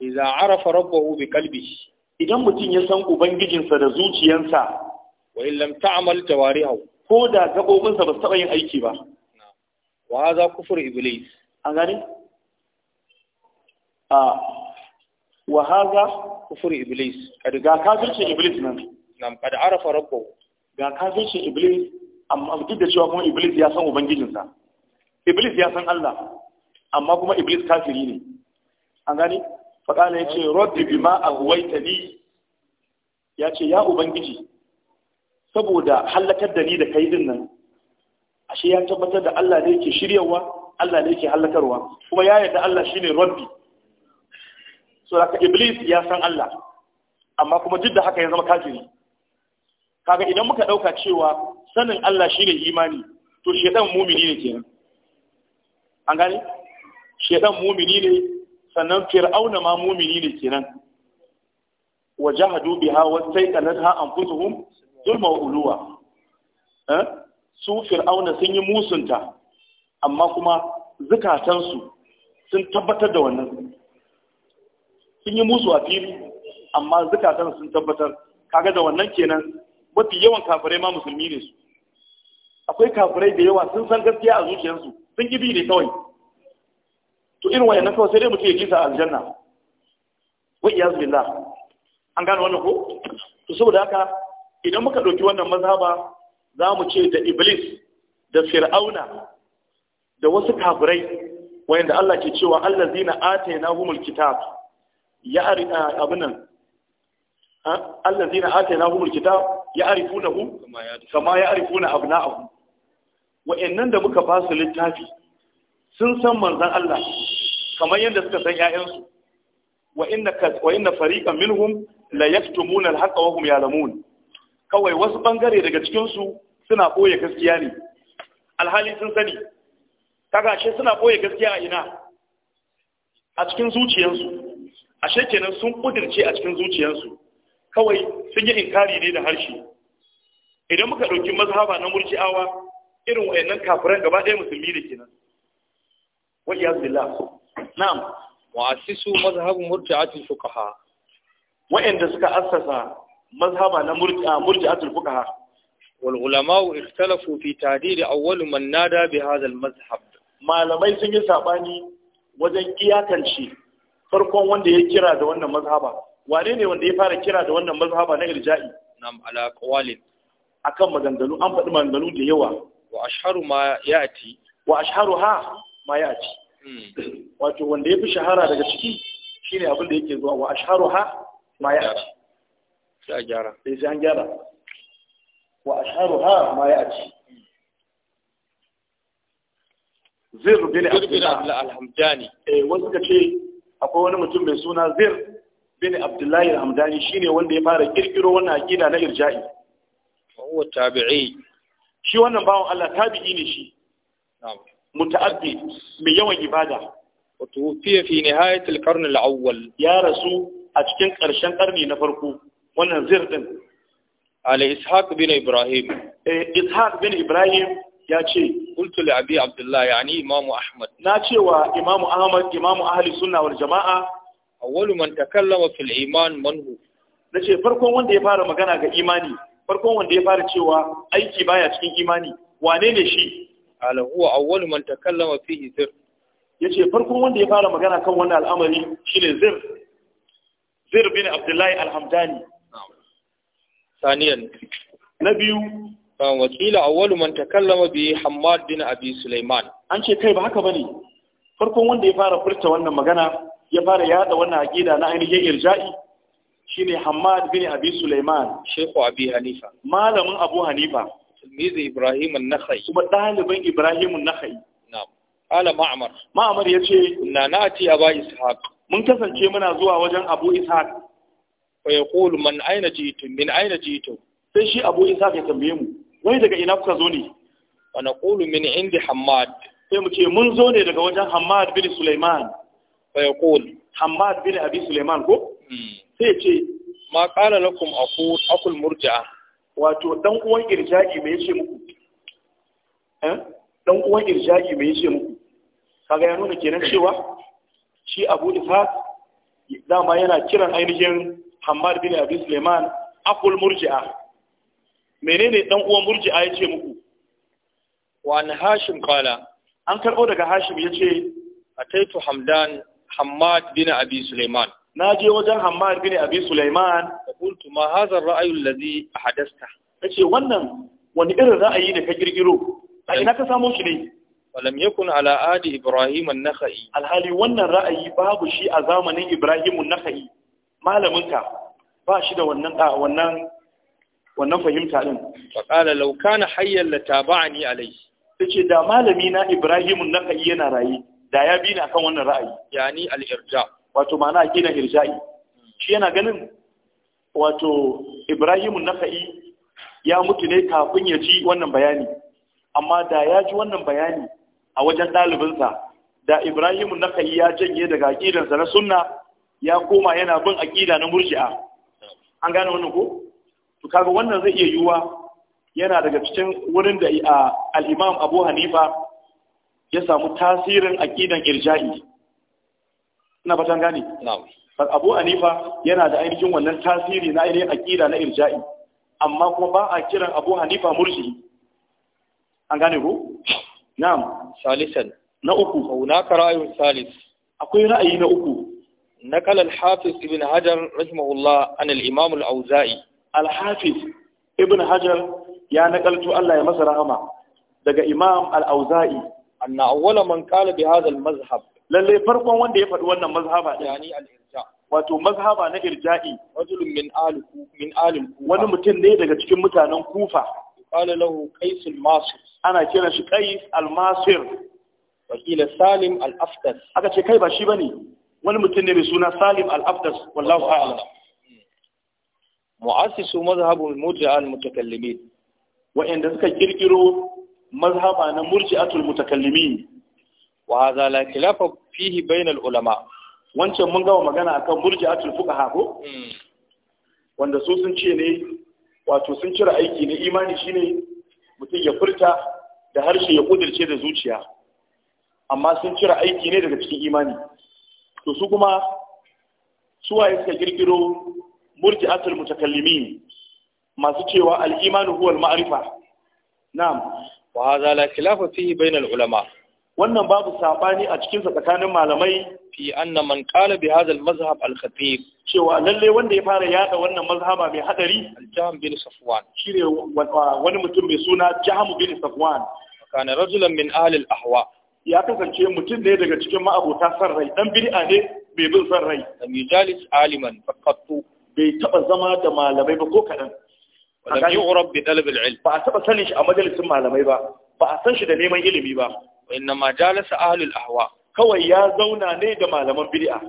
S1: idza arafa rabbahu bi qalbi idan mutum ya san ubangijinsa da zuciyarsa wa in lam ta'mal jawarihu ko da gabobinsa ba su taba yin aiki ba wa za kufur iblis an gani? a wa haza kufur iblis kad ga kafircin iblis nan nan kad arafa rabbu ga kafircin iblis amma duk da cewa kuma iblis ya san ubangijinsa iblis ya san Allah amma kuma iblis kafiri ne an gani faƙala ya ce rabbi bima aghwaytani ya ce ya ubangiji saboda halakar da ni da kai din nan ashe ya tabbatar da Allah ne ke shiryawa Allah ne ke halakarwa kuma ya yarda Allah shine rabbi so haka iblis ya san Allah amma kuma duk da haka ya zama kafiri kaga idan muka dauka cewa sanin Allah shine imani to shedan mumini ne kenan an gane shedan mumini ne sannan fir'auna ma mumini ne kenan wajahadu biha wastaiqanatha anfusuhum zulma wa uluwa eh su fir'auna sun yi musunta amma kuma zukatansu sun tabbatar da wannan sun yi musu a fili amma zukatansu sun tabbatar kaga da wannan kenan mafi yawan kafirai ma musulmi ne su akwai kafirai da yawa sun san gaskiya a zuciyarsu sun gibi ne kawai to irin wayannan kawai sai dai mutum ya kisa aljanna wa iyaz billah an gane wannan ko to saboda haka idan muka ɗauki wannan mazhaba za mu ce da iblis da fir'auna da wasu kafirai wayanda Allah ke cewa Allah zina allazina atainahumul kitab ya ari arina abunan allazina atainahumul kitab ya ari funa arifunahu kama ya arifuna abna'ahum wayannan da muka basu littafi sun san manzan Allah kamar yadda suka san 'ya'yansu. wa inna wa inna fariqan minhum la yaktumuna al-haqqa wa hum ya'lamun kawai wasu ɓangare daga cikinsu. suna ɓoye gaskiya ne alhali sun sani kaga shi suna ɓoye gaskiya a ina a cikin zuciyarsu ashe kenan sun ƙudirce a cikin zuciyarsu kawai sun yi inkari ne da harshe idan muka ɗauki mazhaba na murji'awa irin wayannan kafiran gaba ɗaya musulmi da kenan wa iyaz billah na'am mu'assisu mazhabun murji'atul fuqaha wayanda suka assasa mazhaba na murji'a murji'atul fuqaha Wal'ulamawu, istarafofi, tarihi da awali na daɓe azal mazhab. Malamai sun yi saɓani wajen iyakan ci. Farkon wanda ya kira da wannan mazhaban. wanda ya fara kira da wannan mazhaban na irjai i Nam alaƙa walin. A kan An faɗi maganin da yawa. Wa ashirar ma ya'ati? Wa ashirar ha ma ya'ati? Hmm. Wacce wanda ya shahara daga ciki shine abin da ya zuwa? Wa ashirar ha ma ya'ati? Sai gyara. Sai an gyara. Wa a وأشهرها ما يأتي zir bin al-hamdani eh wasu ka ce akwai wani mutum mai suna zir bin abdullahi al-hamdani shine wanda ya fara kirkiro wannan aqida na irja'i huwa tabi'i shi wannan bawon Allah tabi'i ne shi na'am muta'addi mai yawan ibada wa tuwfiya fi nihayat al-qarn al ya rasu a cikin ƙarshen ƙarni na farko wannan zir din ala ishaq bin ibrahim eh ishaq bin ibrahim ya ce qultu li abi abdullah ni imam'u ahmad na cewa imam'u ahmad imam ahli sunna wal jamaa awwalu man takallama fil iman manhu ce farkon wanda ya fara magana ga imani farkon wanda ya fara cewa aiki baya cikin imani wane ne shi ala huwa awwalu man takallama fihi zir yace farkon wanda ya fara magana kan wannan al'amari shine zir zir bin abdullahi Alhamdani. hamdani na ثانيا نبي وقيل أول من تكلم به حماد بن أبي سليمان أنت كيف هكا بني farkon wanda ya fara furta wannan magana ya fara yada wannan aqida na ainihin irja'i shine Hamad bin Abi Sulaiman Sheikhu Abi Hanifa malamin Abu Hanifa tilmizi Ibrahim an-Nakhai kuma ɗaliban Ibrahim an-Nakhai na'am ala Ma'mar Ma'mar yace kunna na'ati Abu Ishaq mun kasance muna zuwa wajen Abu Ishaq fa yaqulu man aina jitu. min aina jitu. sai shi Abu Isa ya tambaye mu wai daga ina kuka zo ne wa naqulu min indi Hamad? sai mu ce mun zo ne daga wajen Hamad bin Suleiman. fa yaqul Hammad bin Abi Sulaiman ko hmm. sai ce ma kala lakum aqul aqul murja'a wato dan uwan irja'i me yace muku eh dan uwan irja'i me yace muku kaga ya nuna kenan cewa shi Abu Isa ma yana kiran ainihin Hammad bin Abi Suleiman akul murji'a menene dan uwan murji'a yace muku wa an Hashim qala an karbo daga Hashim yace ataitu Hamdan Hammad bin Abi Suleiman naje wajen Hammad bin Abi Suleiman qultu ma hadha ar-ra'yu alladhi ahdasta yace wannan wani irin ra'ayi ne ka girgiro a ina ka samo shi ne ولم يكن على آد إبراهيم النخعي الحالي وانا رأيي باب شيء زمن إبراهيم النخعي malaminka ba shi da wannan wannan wannan fahimta din fa qala law kana hayyan la tabani alayhi yace da malami na Ibrahim kai yana rayi da ya bi ni akan wannan ra'ayi yani al-irja wato ma'ana kina irja'i shi yana ganin wato Ibrahim kai ya mutu ne kafin ya ji wannan bayani amma da ya ji wannan bayani a wajen ɗalibinsa da Ibrahim kai ya janye daga aqidansa na sunna ya koma yana bin aƙida na murji'a an gane wannan ko to kaga wannan zai iya yiwuwa yana daga cikin wurin da al-Imam Abu Hanifa ya samu tasirin aƙidan irja'i ina tan gane na'am Abu Hanifa yana da ainihin wannan tasiri na ainihin aƙida na irja'i amma kuma ba a kiran Abu Hanifa murji an gane ko na'am salisan na uku hunaka ra'ayun salis akwai ra'ayi na uku نقل الحافظ ابن حجر رحمه الله عن الإمام الأوزائي الحافظ ابن حجر يا نقلت الله يا مصر هما دقى إمام الأوزائي أن أول من قال بهذا المذهب للي ya وان دي فتوانا مذهبا يعني الإرجاع wato mazhaba na irja'i rajulun min ali wani mutum ne daga cikin mutanen kufa qala lahu qais al ana kiran shi qais al-masir salim al-aftas aka ce kai ba shi bane wani mutum ne mai suna salim al-abdas wallahu a'lam mu'assisu mazhabul al mutakallimin wa'anda suka kirkiro mazhaba na murji'atul mutakallimin wa hadha la khilafa fihi bainal ulama wancan mun gawa magana akan murji'atul fuqaha ko hmm. wanda su sun ce ne wato sun cire aiki ne imani shine mutum ya furta da harshe ya kudirce da zuciya amma sun cire aiki ne daga cikin imani to su kuma suwaye suka girgiro murji asul mutakallimin masu cewa al huwal ma'arifa. al-ma'rifa na'am wa hadha la khilafa fihi bainal ulama wannan babu sabani a cikin tsakanin malamai fi anna man qala bi hadha al-mazhab al-khatib cewa lalle wanda ya fara yada wannan mazhaba mai hadari al-jahm bin safwan shine wani mutum mai suna jahm bin safwan kana rajulan min ahli al-ahwa ya kasance mutum ne daga cikin ma'abota san rai dan bid'a ne bai bin san rai lam yujalis aliman faqattu bai taba zama da malamai ba ko kadan lam yu'rab bi talab al-ilm ba a taba sanin shi a majalisin malamai ba ba a san shi da neman ilimi ba inna ma jalasa ahli al-ahwa kawai ya zauna ne da malaman bid'a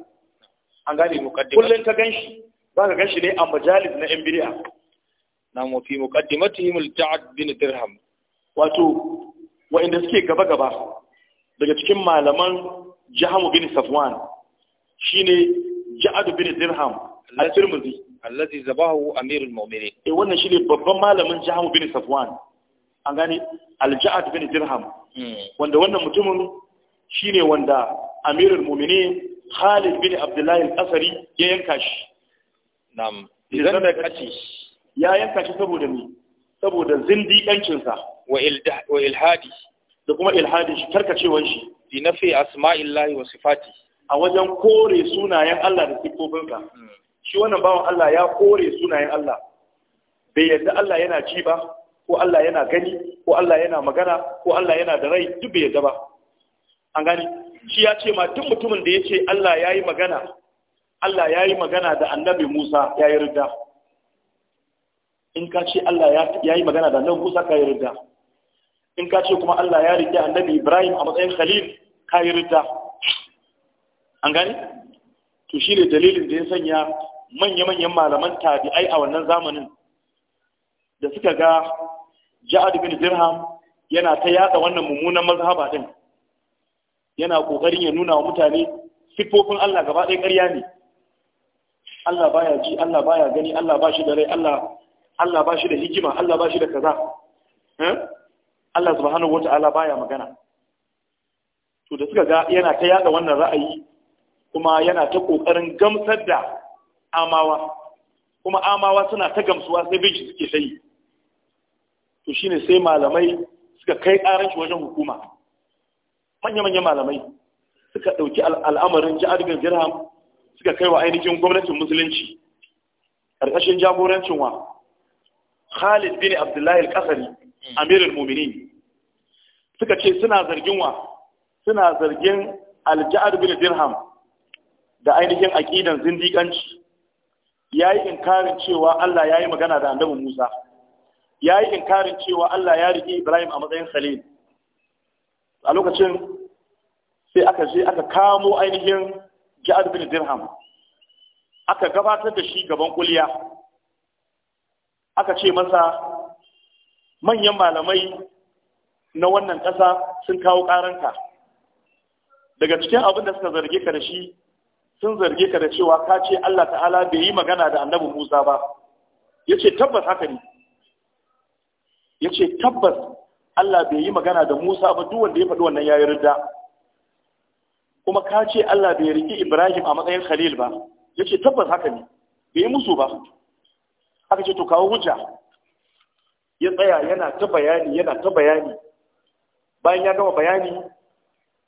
S1: an gane muqaddimah kullun ka ganshi ka ganshi ne a majalis na yan bid'a na mu fi muqaddimatihim al-ja'd bin dirham wato wa inda suke gaba gaba daga cikin malaman jahamu bin safwan shine ja'ad bin dirham al-tirmidhi allazi zabahu amirul mu'minin eh wannan shine babban malamin jahamu bin safwan an gane al-ja'ad bin dirham hmm. wanda wannan mutumin shine wanda amirul mu'minin Khalid bin Abdullahi al-Asari ya yanka shi nam idan da kace ya yanka shi saboda me saboda zindiƙancinsa wa ilhadi da kuma ilhadin shi karkacewan shi li nafi asma'illahi wa sifati a wajen kore sunayen Allah da sifofinsa hmm. shi wannan bawan Allah ya kore sunayen Allah bai yadda Allah yana ci ba ko Allah yana gani ko Allah yana magana ko Allah yana da rai duk bai yadda ba an gani shi ya ce ma duk mutumin da ya ce Allah ya yi magana Allah ya yi magana da annabi Musa ya yi rida in ka ce Allah ya yi magana da annabi Musa ka yi rida in ka ce kuma Allah ya rike annabi Ibrahim a matsayin khalil ka yi rita an gani to ne dalilin da ya sanya manya-manyan malaman tabi'ai a wannan zamanin da suka ga ja'ad bin dirham yana ta yada wannan mummunan mazhaba din yana kokarin ya nuna wa mutane sifofin Allah gaba ɗaya ƙarya ne Allah baya ji Allah baya gani Allah ba shi da rai Allah Allah ba shi da hikima Allah ba shi da kaza eh? Allah subhanahu wata'ala baya magana to da suka ga yana ta yada wannan ra'ayi kuma yana ta kokarin gamsar da amawa kuma amawa suna ta gamsuwa sai shi suke sai to shine sai malamai suka kai karan shi wajen hukuma manya-manyan malamai suka ɗauki al'amarin jihar bin dirham suka kai wa ainihin gwamnatin musulunci karkashin jagorancin wa khalid bin abdullahi al qasri mm. amirul mu'minin suka ce suna zargin wa suna zargin alja'ar bin dirham da ainihin aqidan zindiƙanci yayi inkarin cewa Allah yayi magana da annabi Musa yayi inkarin cewa Allah ya rike Ibrahim a matsayin khalil a lokacin sai aka je aka kamo ainihin ja'ar bin dirham aka gabatar da shi gaban kuliya aka ce masa manyan malamai na wannan ƙasa sun kawo ƙaranka daga cikin abin da suka zarge ka da shi sun zarge ka da cewa ka ce Allah ta'ala bai yi magana da annabi Musa ba ya ce tabbas haka ne ya ce tabbas Allah bai yi magana da Musa ba duk wanda ya faɗi wannan ya yi ridda kuma ka ce Allah bai riƙi Ibrahim a matsayin Khalil ba ya ce tabbas haka ne bai yi musu ba aka ce to kawo hujja ya tsaya yana ta bayani yana ta bayani bayan ya gama bayani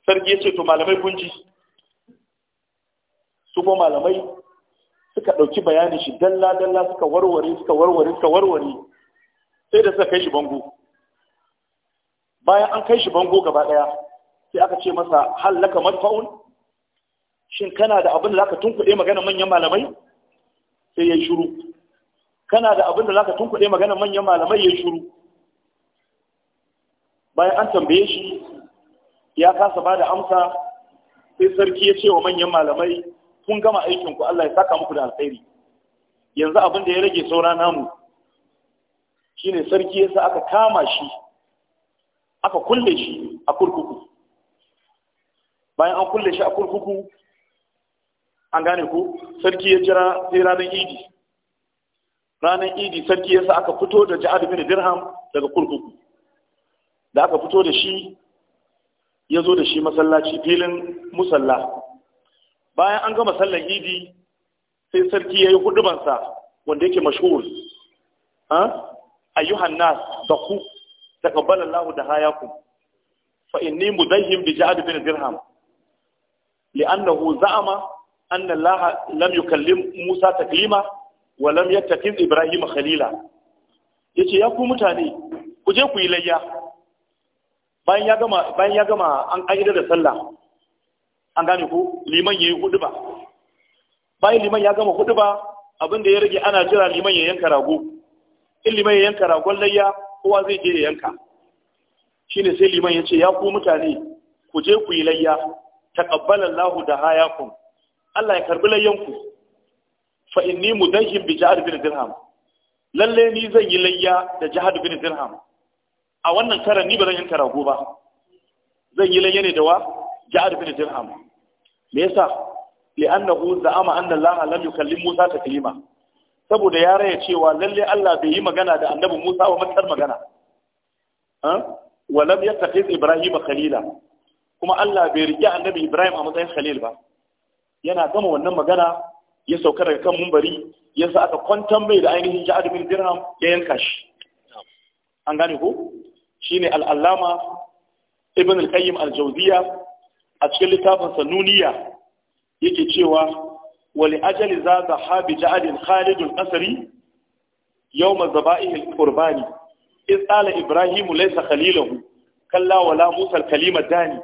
S1: sarki ya ce to malamai kun ji su ko malamai suka ɗauki bayani shi dalla dalla suka warware suka warware suka warware sai da suka kai shi bango bayan an kai shi bango gaba ɗaya sai aka ce masa hallaka madfa'un shin kana da abin da zaka tunkuɗe magana manyan malamai sai ya yi shiru kana da abin da zaka tunkuɗe magana manyan malamai ya yi shiru bayan an tambaye shi ya kasa ba da amsa sai sarki ya ce wa manyan malamai kun gama aikinku Allah ya saka muku da alkhairi yanzu abin da ya rage saura namu shine sarki ya sa aka kama shi aka kulle shi a kurkuku bayan an kulle shi a kurkuku an gane ku sarki ya jira sai ranar idi ranar idi sarki ya sa aka fito da ja'ad bin dirham daga kurkuku da aka fito da shi ya zo da shi masallaci filin musalla bayan an gama sallar idi sai sarki ya yi hudubansa wanda yake mashhur A nas da ku taqabbala Allahu da hayaku fa inni mudahhim bi ja'd bin dirham li'annahu za'ama anna Allah lam yukallim Musa taklima wa lam yattakhidh Ibrahim khalila yace ya ku mutane ku je ku yi layya bayan ya gama an ƙa'idar da sallah an gane ku. liman ya yi hudu ba. bayan liman ya gama hudu ba, abinda ya rage ana jira liman ya yanka rago in liman ya yanka ragon layya kowa zai je ya yanka shine sai liman ya ce ya ku mutane ku je ku yi layya taqabbala lahu da kun. Allah ya karbi layyanku fa inni mudahhim bi bin dirham lalle ni zan yi layya da jihar bin dirham a wannan karan ni ba zan yanka rago ba zan yi lanye da wa ja'ad bin dirham me yasa annahu za'ama anna Allah lam yukallim Musa taklima saboda ya raya cewa lalle Allah bai yi magana da annabi Musa wa matsar magana wa lam yattakhiz Ibrahim khalila kuma Allah bai riƙe annabi Ibrahim a matsayin khalil ba yana gama wannan magana ya sauka daga kan mumbari ya sa aka kwantar mai da ainihin ja'ad bin dirham ya yanka shi an gane ko shine al'allama ibn al-qayyim al-jawziya a cikin littafin sanuniya yake cewa wali ajali za ta habi ja'adin khalidul asari yau mazaba'ihil qurbani iz qala ibrahimu laysa khalilahu kalla wala musa al-kalima dani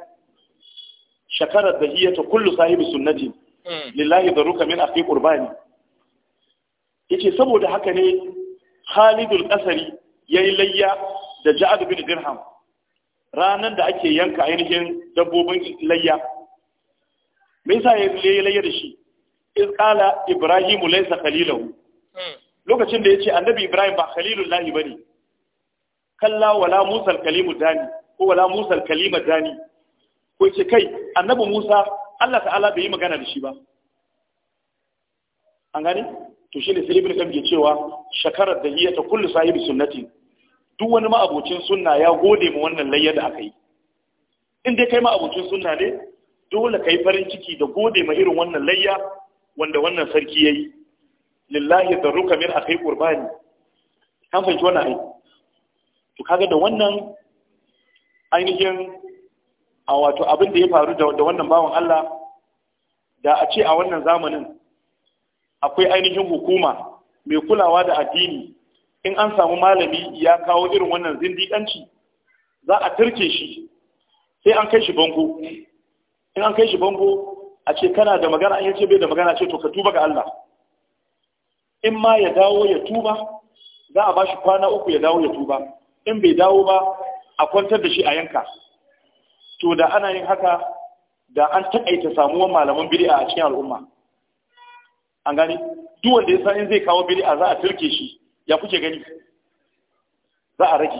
S1: shakara ta kullu sahibi sunnati hmm. lillahi daruka min aqi qurbani yake saboda haka ne khalidul ya yayi layya da ja'ad bin dirham ranan da ake yanka ainihin dabbobin layya me yasa ya yi layya da shi iz qala ibrahimu laysa khalilahu hmm. lokacin da yace annabi ibrahim ba khalilullahi bane kalla wala musa kalimu dani ko wala musa kalima dani ko yace kai annabi musa Allah ta'ala bai yi magana da shi ba an gane to shine sai ibnu qayyim ke cewa shakarar da hiya ta kullu sahibi sunnati duk wani ma'abocin sunna ya gode ma wannan layyar da aka yi in dai kai ma'abocin sunna ne dole ka yi farin ciki da gode ma irin wannan layya wanda wannan sarki ya yi lillahi da ruka min a kai ƙurbani kan fahimci wannan ai to kaga da wannan ainihin a wato abin da ya faru da wannan bawan Allah da a ce a wannan zamanin akwai ainihin hukuma mai kulawa da addini in an samu malami ya kawo irin wannan zindiƙanci za a tarke shi sai an kai shi bango in an kai shi bango a ce kana da magana in ce bai da magana ce to ka tuba ga Allah in ma ya dawo ya tuba za a bashi kwana uku ya dawo ya tuba in bai dawo ba a kwantar da shi a yanka to da ana yin haka da an taƙaita samuwar malaman bid'a a cikin al'umma an gani Duwanda ya san in zai kawo bid'a za a turke shi ya kuke gani za a rage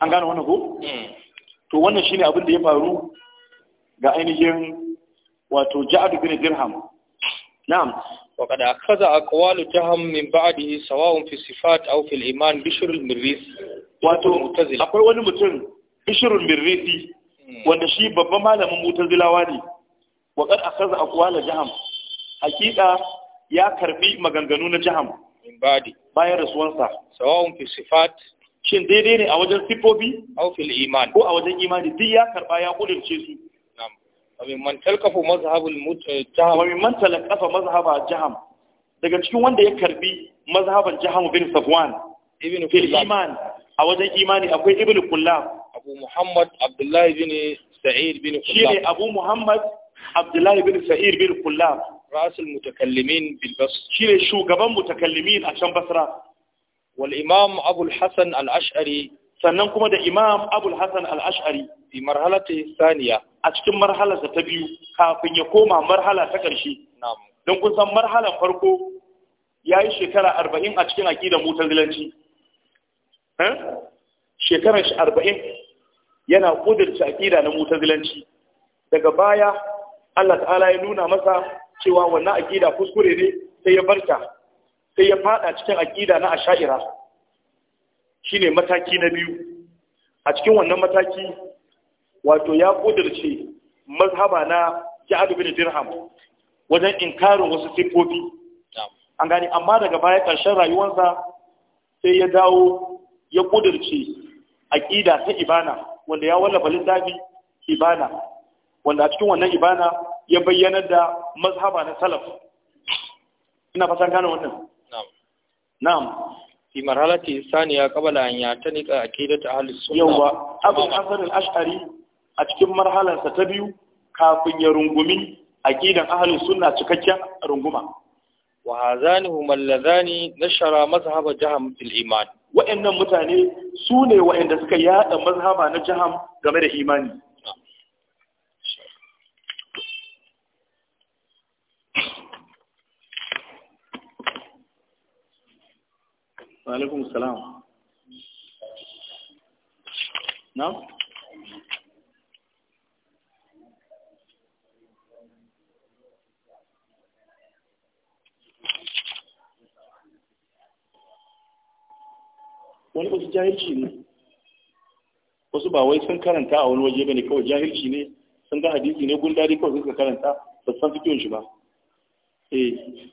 S1: an gane wannan ko eh. to wannan shine abin da ya faru ga ainihin wato ja'ad bin dirham na'am wa kada akaza aqwalu jaham min ba'dihi sawa'un fi sifat aw fi al-iman bishr al-mirris wato akwai wani mutum bishr al mirris hmm. wanda shi babban malamin mutazilawa ne wa kada akaza aqwalu jaham hakika ya karbi maganganu na jaham min ba'di bayan rasuwansa sawa'un fi sifat shin daidai ne a wajen sifofi aw fil iman ko a wajen imani duk ya karba ya kudirce su na'am wa min man talqafu eh, daga cikin wanda ya karbi mazhaban jaham bin safwan ibn fil iman a wajen imani akwai ibn kullab abu muhammad abdullahi bin sa'id bin kullab shi ne abu muhammad abdullahi bin sa'id bin kullab rasul mutakallimin bil Shi ne shugaban mutakallimin a can basra wal imam abul al ash'ari sannan kuma da imam abul hasan al ash'ari fi marhalati saniya a cikin marhalarsa ta biyu kafin ya koma marhala ta ƙarshe don kun san marhalar farko ya yi shekara arba'in a cikin arba'in yana aƙida na mutazilanci daga baya Allah ta'ala ya nuna masa cewa wannan aƙida kuskure ne sai ya barta sai ya fada cikin aƙida na asha'ira shine mataki na biyu a cikin wannan mataki wato ya kudirce mazhaba na ja'ad bin dirham wajen inkarin wasu sifofi an gani amma daga baya ƙarshen rayuwarsa sai ya dawo ya kudirce aƙida ta ibana wanda ya wallafa littafi ibana wanda a cikin wannan ibana ya bayyana da mazhaba na salaf ina fasan kana wannan na'am na'am fi marhalati saniya qabla an yatanika aqidatu ahli sunna yawa abu hasan al-ash'ari a cikin marhalarsa ta biyu kafin ya rungumi aqidan ahli sunna cikakken runguma wa hazani hum alladhani nashara mazhaba jaham fil iman wa'annan mutane su ne wa'anda suka yada mazhaba na jaham game da imani wa salaam, na wani wasu jahilci ne wasu ba wai sun karanta a wani waje ba ne kawai jahilci ne sun ga hadisi ne gundari kawai suka karanta ba san fitowar shi ba eh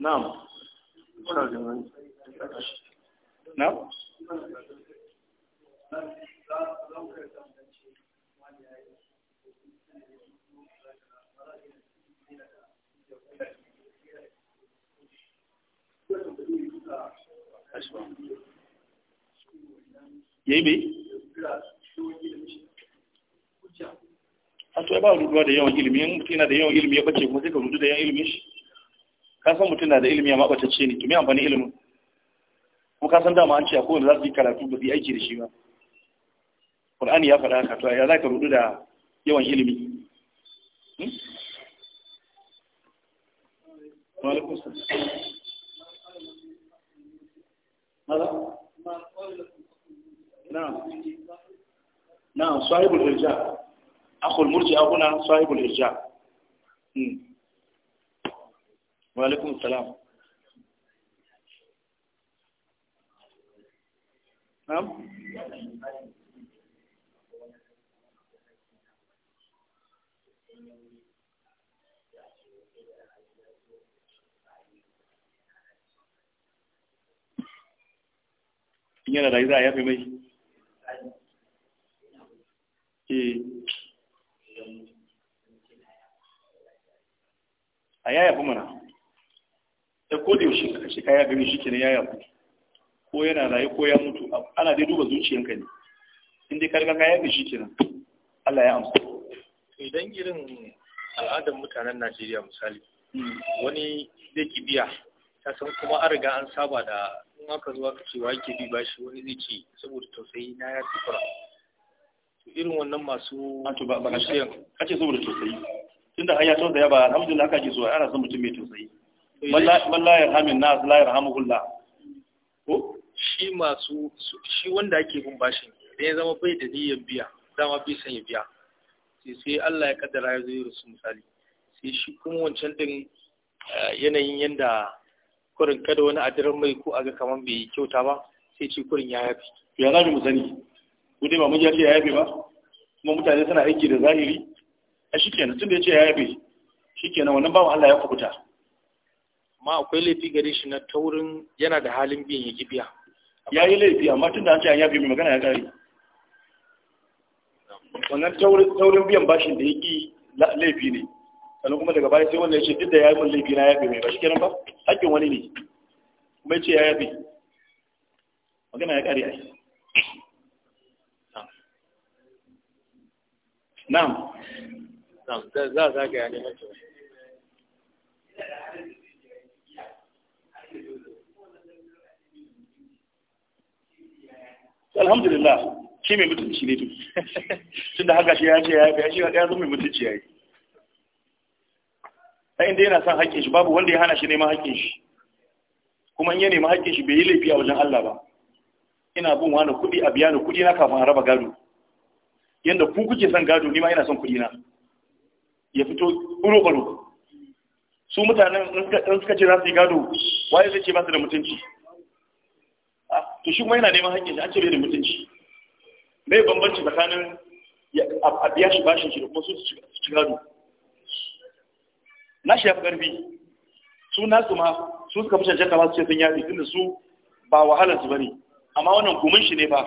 S1: Na'am. Na'am. Yayi a to ba ruduwa da yawan ilimi in mutum yana da yawan ilimi ya bace kuma sai ka rudu da yawan ilimi shi ka san mutum na da ilimi amma batacce ne to me amfani ilimin kuma ka san dama an ce a kowane za su yi karatu ba su yi aiki da shi ba Qur'ani ya faɗa haka to ya za ka rudu da yawan ilimi نعم نعم صاحب الرجال akhul murji'a huna sahibul irja wa alaikum salam na'am yana da za a yafe mai a yaya fi mana da ko da yaushe ka kaya gani shi kenan yaya fi ko yana raye ko ya mutu ana dai duba zuciyanka ne inda dai karga kaya da shi kenan Allah ya amsa idan irin al'adar mutanen Najeriya misali hmm. wani zai kibiya ta san kuma an riga an saba da in aka zo aka ce wa yake bi bashi wani zai ce saboda tausayi na ya tukura irin wannan masu wato ba ba ka ce saboda tausayi tunda an ya tausaya ba alhamdulillah haka ke so ana son mutum mai tausayi man eh, la yarhamin nas la yarhamuhullah ko shi masu shi wanda ake bin bashin da ya zama bai da niyyar biya dama bai san ya biya sai sai Allah ya kaddara ya zai rusu misali sai shi kuma wancan din eh, yanayin yanda kurin kada wani adiran mai ko aga kaman bai kyauta ba sai ce kurin ya yafi ya zabi mu sani ku dai ba mun ya yafi ba kuma mutane suna aiki da zahiri a shi kenan tun da ya ce ya yabe shi kenan wannan bawan Allah ya kubuta amma akwai laifi gare shi na taurin yana da halin biyan ya gibiya ya yi laifi amma tun da an ce an yabe mai magana ya kare wannan taurin biyan bashin da ya ki laifi ne sannan kuma daga baya sai wanda ya ce duk da ya yi mun laifi na yabe mai ba shi kenan ba hakkin wani ne kuma ya ce ya yabe magana ya kare ai na'am za a zagaya neman cewa alhamdulillah shi mai mutunci ne tun da haka shi ya ce ya fi shi ya zo mai mutunci ya yi ta inda yana son haƙƙin shi babu wanda ya hana shi neman haƙƙin shi kuma in ya nema haƙƙin shi bai yi laifi a wajen Allah ba ina bin wani kuɗi a biya ni kuɗi na kafin a raba gado yanda ku kuke son gado ni ma ina son kuɗi na ya fito baro-baro su mutanen in suka ce za su yi gado waye zai ce ba su da mutunci ah, to shi kuma yana neman hakkin da an ce bai da mutunci mai bambanci tsakanin a biya shi bashin shi da kuma su su ci gado na shi ya fi ƙarfi su su ma su suka fi cancanta masu ce sun yafi tunda su ba wahalar su bane amma wannan gumin shi ne ba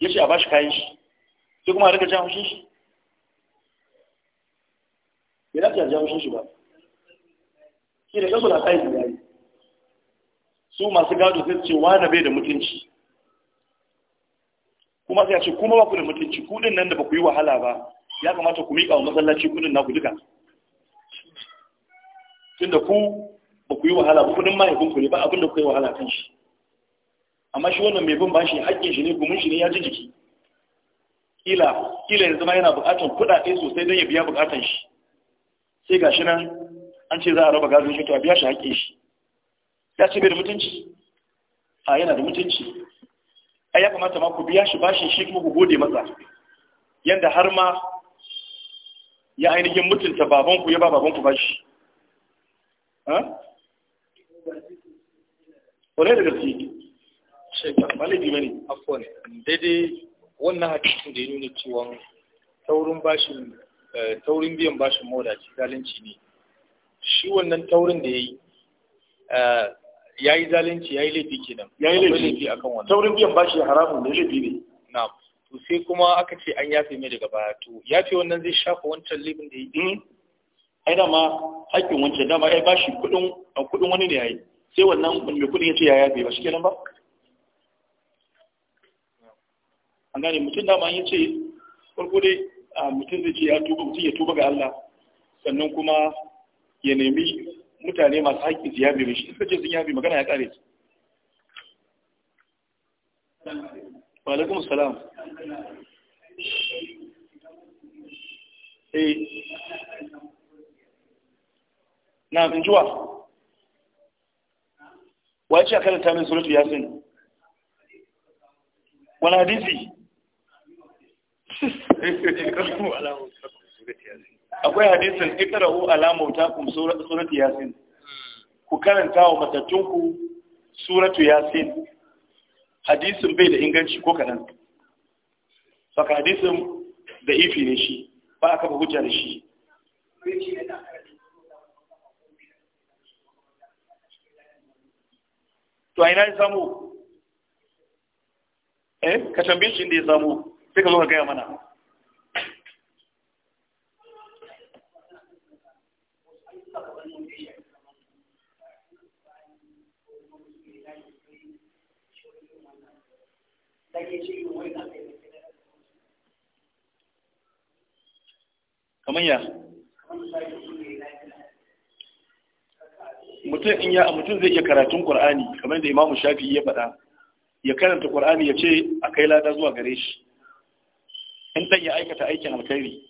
S1: ya ce a bashi kayan shi sai kuma a rika jan hushin shi bai dace a jawo shi ba shi da kasu da kayan yayi su masu gado sai ce wani bai da mutunci kuma sai a ce kuma ba ku da mutunci kudin nan da ba ku yi wahala ba ya kamata ku miƙa wa masallaci kudin naku duka tunda ku ba ku yi wahala ba kudin mahaifinku ne ba abinda da ku yi wahala kan shi amma shi wannan mai bin bashi haƙƙin shi ne gumin shi ne ya ji jiki kila kila yanzu ma yana buƙatar kuɗaɗe sosai don ya biya buƙatar shi sai ga shi nan an ce za a raba gado shi to a biya shi haƙe shi ya ce bai da mutunci a yana da mutunci a ya kamata ma ku biya shi bashin shi kuma ku gode masa Yadda har ma ya ainihin mutunta babanku ya ba babanku bashi ƙwarai da gaske shekar malibi mani afuwa daidai wannan hakikin da ya nuna cewa taurin bashin Eh, taurin biyan bashin mawadaci zalunci ne shi wannan taurin da ya yi eh, ya yi zalunci ya yi laifi kenan ya yi laifi akan wannan taurin biyan bashi haramun ne laifi ne na'am to sai kuma aka ce an yafe mai daga baya to yafe wannan zai shafa wancan laifin da ya yi hmm. ai dama hakkin wancan dama ai bashi kuɗin kudin wani ne yayi sai wannan mai kuɗin ya ce ya yafe ba shi kenan ba an gane mutum dama ya ce farko dai mutum zai ya tuba mutum ya tuba ga Allah sannan kuma ya nemi mutane masu haƙƙin su yabe mishi suka ce sun yabe magana ya ƙare wa alaikum salam eh na injuwa wa ya ce a ta min suratu yasin wani hadisi akwai hadisin alamu ta mautakum suratu yasin ku karanta wa ku suratu yasin hadisin bai da inganci ko kadan saka hadisin da ifi ne shi ba aka ba hujja da shi to a ina ya samu eh ka tambaye shi inda ya samu sai ka zo ka gaya mana kamar ya mutum in ya mutum zai iya karatun Qur'ani kamar da imamu shafi ya faɗa ya karanta Qur'ani ya ce a kai lada zuwa gare shi in ɗan ya aikata aikin alkhairi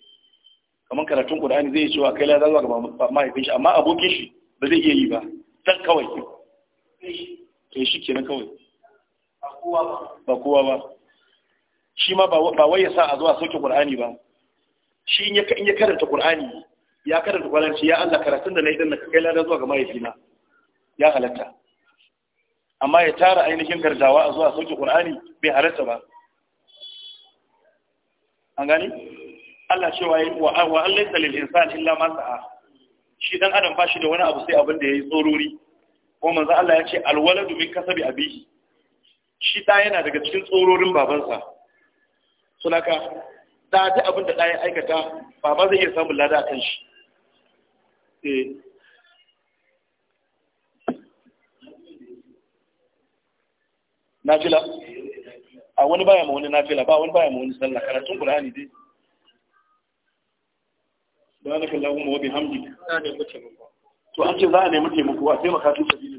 S1: kamar karatun ƙur'ani zai cewa kai la zuwa ga mahaifin shi amma abokin shi ba zai iya yi ba dan kawai to shi kenan kawai ba kowa ba shi ma ba wai ya sa a zuwa sauke ƙur'ani ba shi in ya karanta ƙur'ani ya karanta ƙwaranci ya Allah karatun da na yi na kai lada zuwa ga mahaifina ya halatta amma ya tara ainihin gardawa a zuwa sauke ƙur'ani bai halatta ba an gani Allah cewa wa wa ta lil insani illa ma sa'a shi dan adam ba shi da wani abu sai abin da yayi tsorori ko manzo Allah ya ce al waladu min kasabi abihi shi da yana daga cikin tsororin babansa sunaka da ta abin da ya aikata baba zai iya samun lada kan shi eh na jila a wani baya ma wani nafila ba wani baya ma wani sallah karatun qur'ani dai subhanaka allahumma wa bihamdika
S2: to an ce za a nemi taimako a taimaka tun
S1: sabi